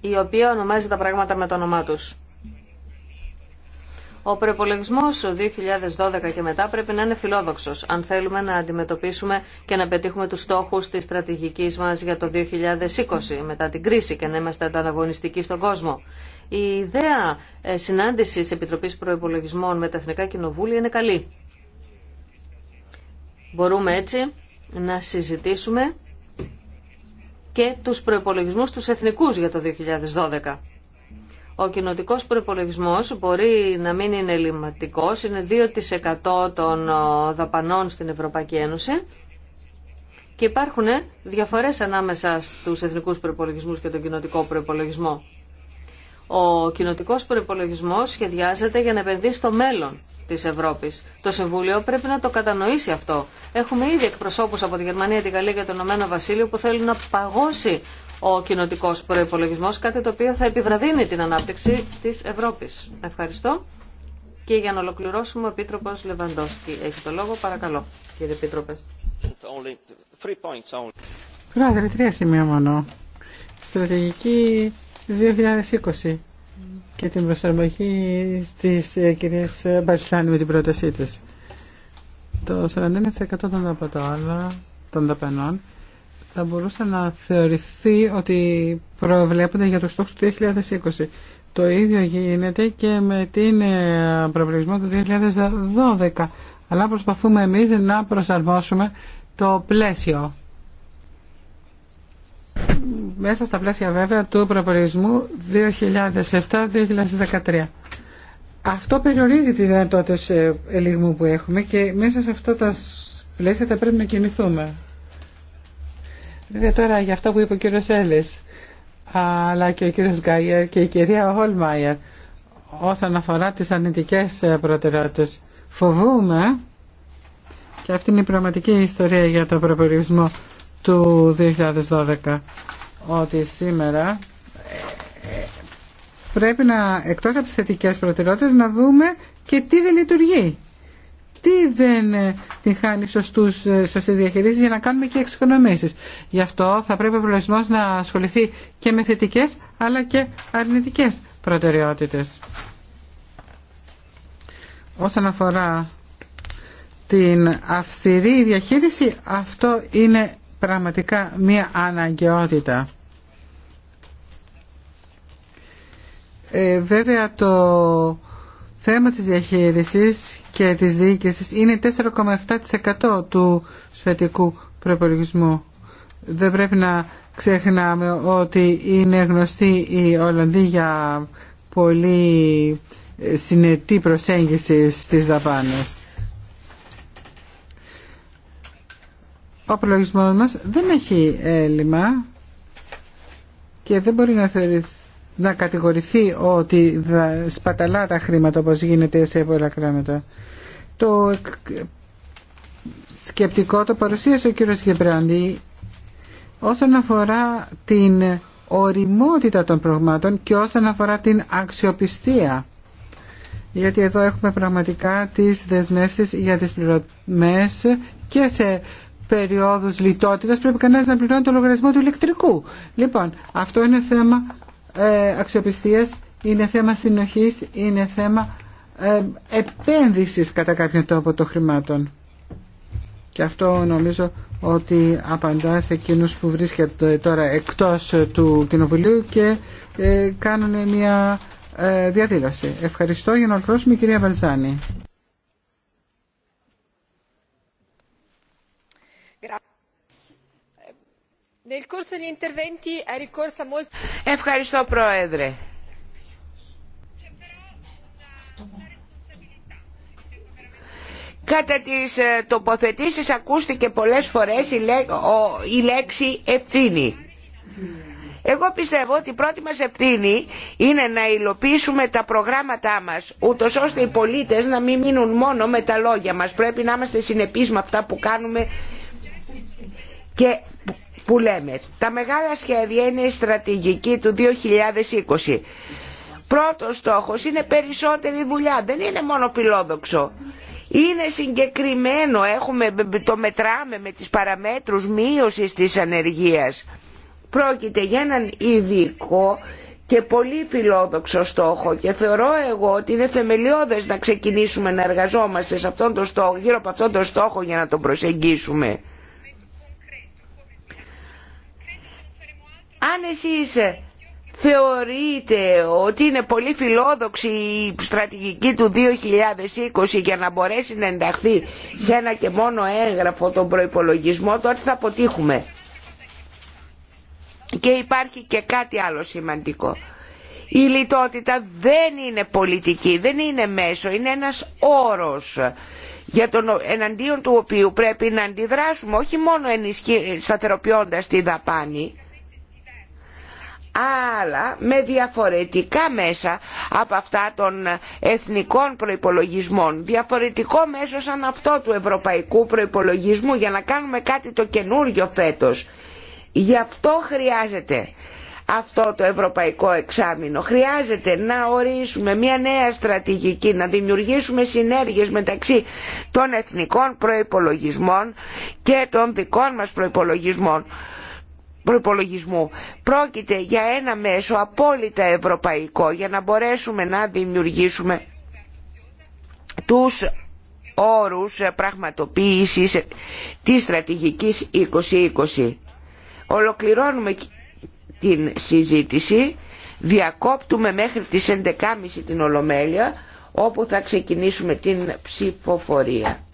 η οποία ονομάζει τα πράγματα με το όνομά τους. Ο προπολογισμό 2012 και μετά πρέπει να είναι φιλόδοξο, αν θέλουμε να αντιμετωπίσουμε και να πετύχουμε του στόχου τη στρατηγική μα για το 2020 μετά την κρίση και να είμαστε ανταγωνιστικοί στον κόσμο. Η ιδέα ε, συνάντηση Επιτροπή Προπολογισμών με τα Εθνικά Κοινοβούλια είναι καλή. Μπορούμε έτσι να συζητήσουμε και τους προϋπολογισμούς τους εθνικούς για το 2012. Ο κοινοτικό προπολογισμό μπορεί να μην είναι ελληματικό, είναι 2% των ε, δαπανών στην Ευρωπαϊκή Ένωση και υπάρχουν διαφορέ ανάμεσα στου εθνικού προπολογισμού και τον κοινοτικό προπολογισμό. Ο κοινοτικό προπολογισμό σχεδιάζεται για να επενδύσει στο μέλλον τη Ευρώπη. Το Συμβούλιο πρέπει να το κατανοήσει αυτό. Έχουμε ήδη εκπροσώπου από τη Γερμανία, τη Γαλλία και το Ηνωμένο Βασίλειο που θέλουν να παγώσει ο κοινοτικό προπολογισμό, κάτι το οποίο θα επιβραδύνει την ανάπτυξη τη Ευρώπη. Ευχαριστώ. Και για να ολοκληρώσουμε, ο Επίτροπο Λεβαντόσκι έχει το λόγο. Παρακαλώ, κύριε Επίτροπε. Πρόεδρε, τρία σημεία μόνο. Στρατηγική 2020 και την προσαρμογή της ε, κυρία Μπαλσάνη με την πρότασή τη. Το 41% των δαπατών, των δαπανών θα μπορούσε να θεωρηθεί ότι προβλέπονται για το στόχο του 2020. Το ίδιο γίνεται και με την ε, προβλησμό του 2012. Αλλά προσπαθούμε εμείς να προσαρμόσουμε το πλαίσιο. Μέσα στα πλαίσια βέβαια του προπορισμού 2007-2013. Αυτό περιορίζει τις δυνατότητες ε, ελιγμού που έχουμε και μέσα σε αυτά τα πλαίσια θα πρέπει να κινηθούμε. Βέβαια τώρα για αυτό που είπε ο κύριος Έλλης, αλλά και ο κύριος Γκάιερ και η κυρία Ολμάιερ, όσον αφορά τις ανητικές ε, προτεραιότητες, φοβούμε, και αυτή είναι η πραγματική ιστορία για το προπορισμό του 2012, ότι σήμερα ε, ε, πρέπει να, εκτός από τις θετικές προτεραιότητες, να δούμε και τι δεν λειτουργεί τι δεν ε, την χάνει σωστούς, ε, σωστές διαχειρίσεις για να κάνουμε και εξοικονομήσεις. Γι' αυτό θα πρέπει ο προβλησμός να ασχοληθεί και με θετικές αλλά και αρνητικές προτεραιότητες. Όσον αφορά την αυστηρή διαχείριση, αυτό είναι πραγματικά μία αναγκαιότητα. Ε, βέβαια το θέμα της διαχείρισης και της διοίκησης είναι 4,7% του σφαιτικού προπολογισμού. Δεν πρέπει να ξεχνάμε ότι είναι γνωστή η Ολλανδία για πολύ συνετή προσέγγιση στις δαπάνες. Ο προλογισμός μας δεν έχει έλλειμμα και δεν μπορεί να θεωρηθεί να κατηγορηθεί ότι σπαταλά τα χρήματα όπως γίνεται σε πολλά κράματα. Το σκεπτικό το παρουσίασε ο κύριος Γεμπράντη όσον αφορά την οριμότητα των προγμάτων και όσον αφορά την αξιοπιστία. Γιατί εδώ έχουμε πραγματικά τις δεσμεύσεις για τις πληρωμές και σε περιόδους λιτότητας πρέπει κανένας να πληρώνει το λογαριασμό του ηλεκτρικού. Λοιπόν, αυτό είναι θέμα ε, αξιοπιστίας, είναι θέμα συνοχής, είναι θέμα ε, επένδυσης κατά κάποιον τρόπο των χρημάτων. Και αυτό νομίζω ότι απαντά σε εκείνους που βρίσκεται τώρα εκτός του Κοινοβουλίου και ε, κάνουν μια διαδήλωση. Ευχαριστώ για να ολοκληρώσουμε κυρία Βαλζάνη. Ευχαριστώ, Πρόεδρε. Κατά τις ε, τοποθετήσεις ακούστηκε πολλές φορές η λέξη ευθύνη. Εγώ πιστεύω ότι η πρώτη μας ευθύνη είναι να υλοποιήσουμε τα προγράμματά μας, ούτως ώστε οι πολίτες να μην μείνουν μόνο με τα λόγια μας. Πρέπει να είμαστε συνεπείς με αυτά που κάνουμε και που λέμε τα μεγάλα σχέδια είναι η στρατηγική του 2020. Πρώτος στόχος είναι περισσότερη δουλειά, δεν είναι μόνο φιλόδοξο. Είναι συγκεκριμένο, έχουμε, το μετράμε με τις παραμέτρους μείωσης της ανεργίας. Πρόκειται για έναν ειδικό και πολύ φιλόδοξο στόχο και θεωρώ εγώ ότι είναι θεμελιώδες να ξεκινήσουμε να εργαζόμαστε σε αυτόν τον στόχο, γύρω από αυτόν τον στόχο για να τον προσεγγίσουμε. Αν εσείς θεωρείτε ότι είναι πολύ φιλόδοξη η στρατηγική του 2020 για να μπορέσει να ενταχθεί σε ένα και μόνο έγγραφο τον προϋπολογισμό, τότε θα αποτύχουμε. Και υπάρχει και κάτι άλλο σημαντικό. Η λιτότητα δεν είναι πολιτική, δεν είναι μέσο, είναι ένας όρος για τον εναντίον του οποίου πρέπει να αντιδράσουμε όχι μόνο ενισχύ, σταθεροποιώντας τη δαπάνη αλλά με διαφορετικά μέσα από αυτά των εθνικών προϋπολογισμών. Διαφορετικό μέσο σαν αυτό του ευρωπαϊκού προϋπολογισμού για να κάνουμε κάτι το καινούργιο φέτος. Γι' αυτό χρειάζεται αυτό το ευρωπαϊκό εξάμεινο. Χρειάζεται να ορίσουμε μια νέα στρατηγική, να δημιουργήσουμε συνέργειες μεταξύ των εθνικών προϋπολογισμών και των δικών μας προϋπολογισμών προπολογισμού. Πρόκειται για ένα μέσο απόλυτα ευρωπαϊκό για να μπορέσουμε να δημιουργήσουμε τους όρους πραγματοποίησης της στρατηγικής 2020. Ολοκληρώνουμε την συζήτηση, διακόπτουμε μέχρι τις 11.30 την Ολομέλεια, όπου θα ξεκινήσουμε την ψηφοφορία.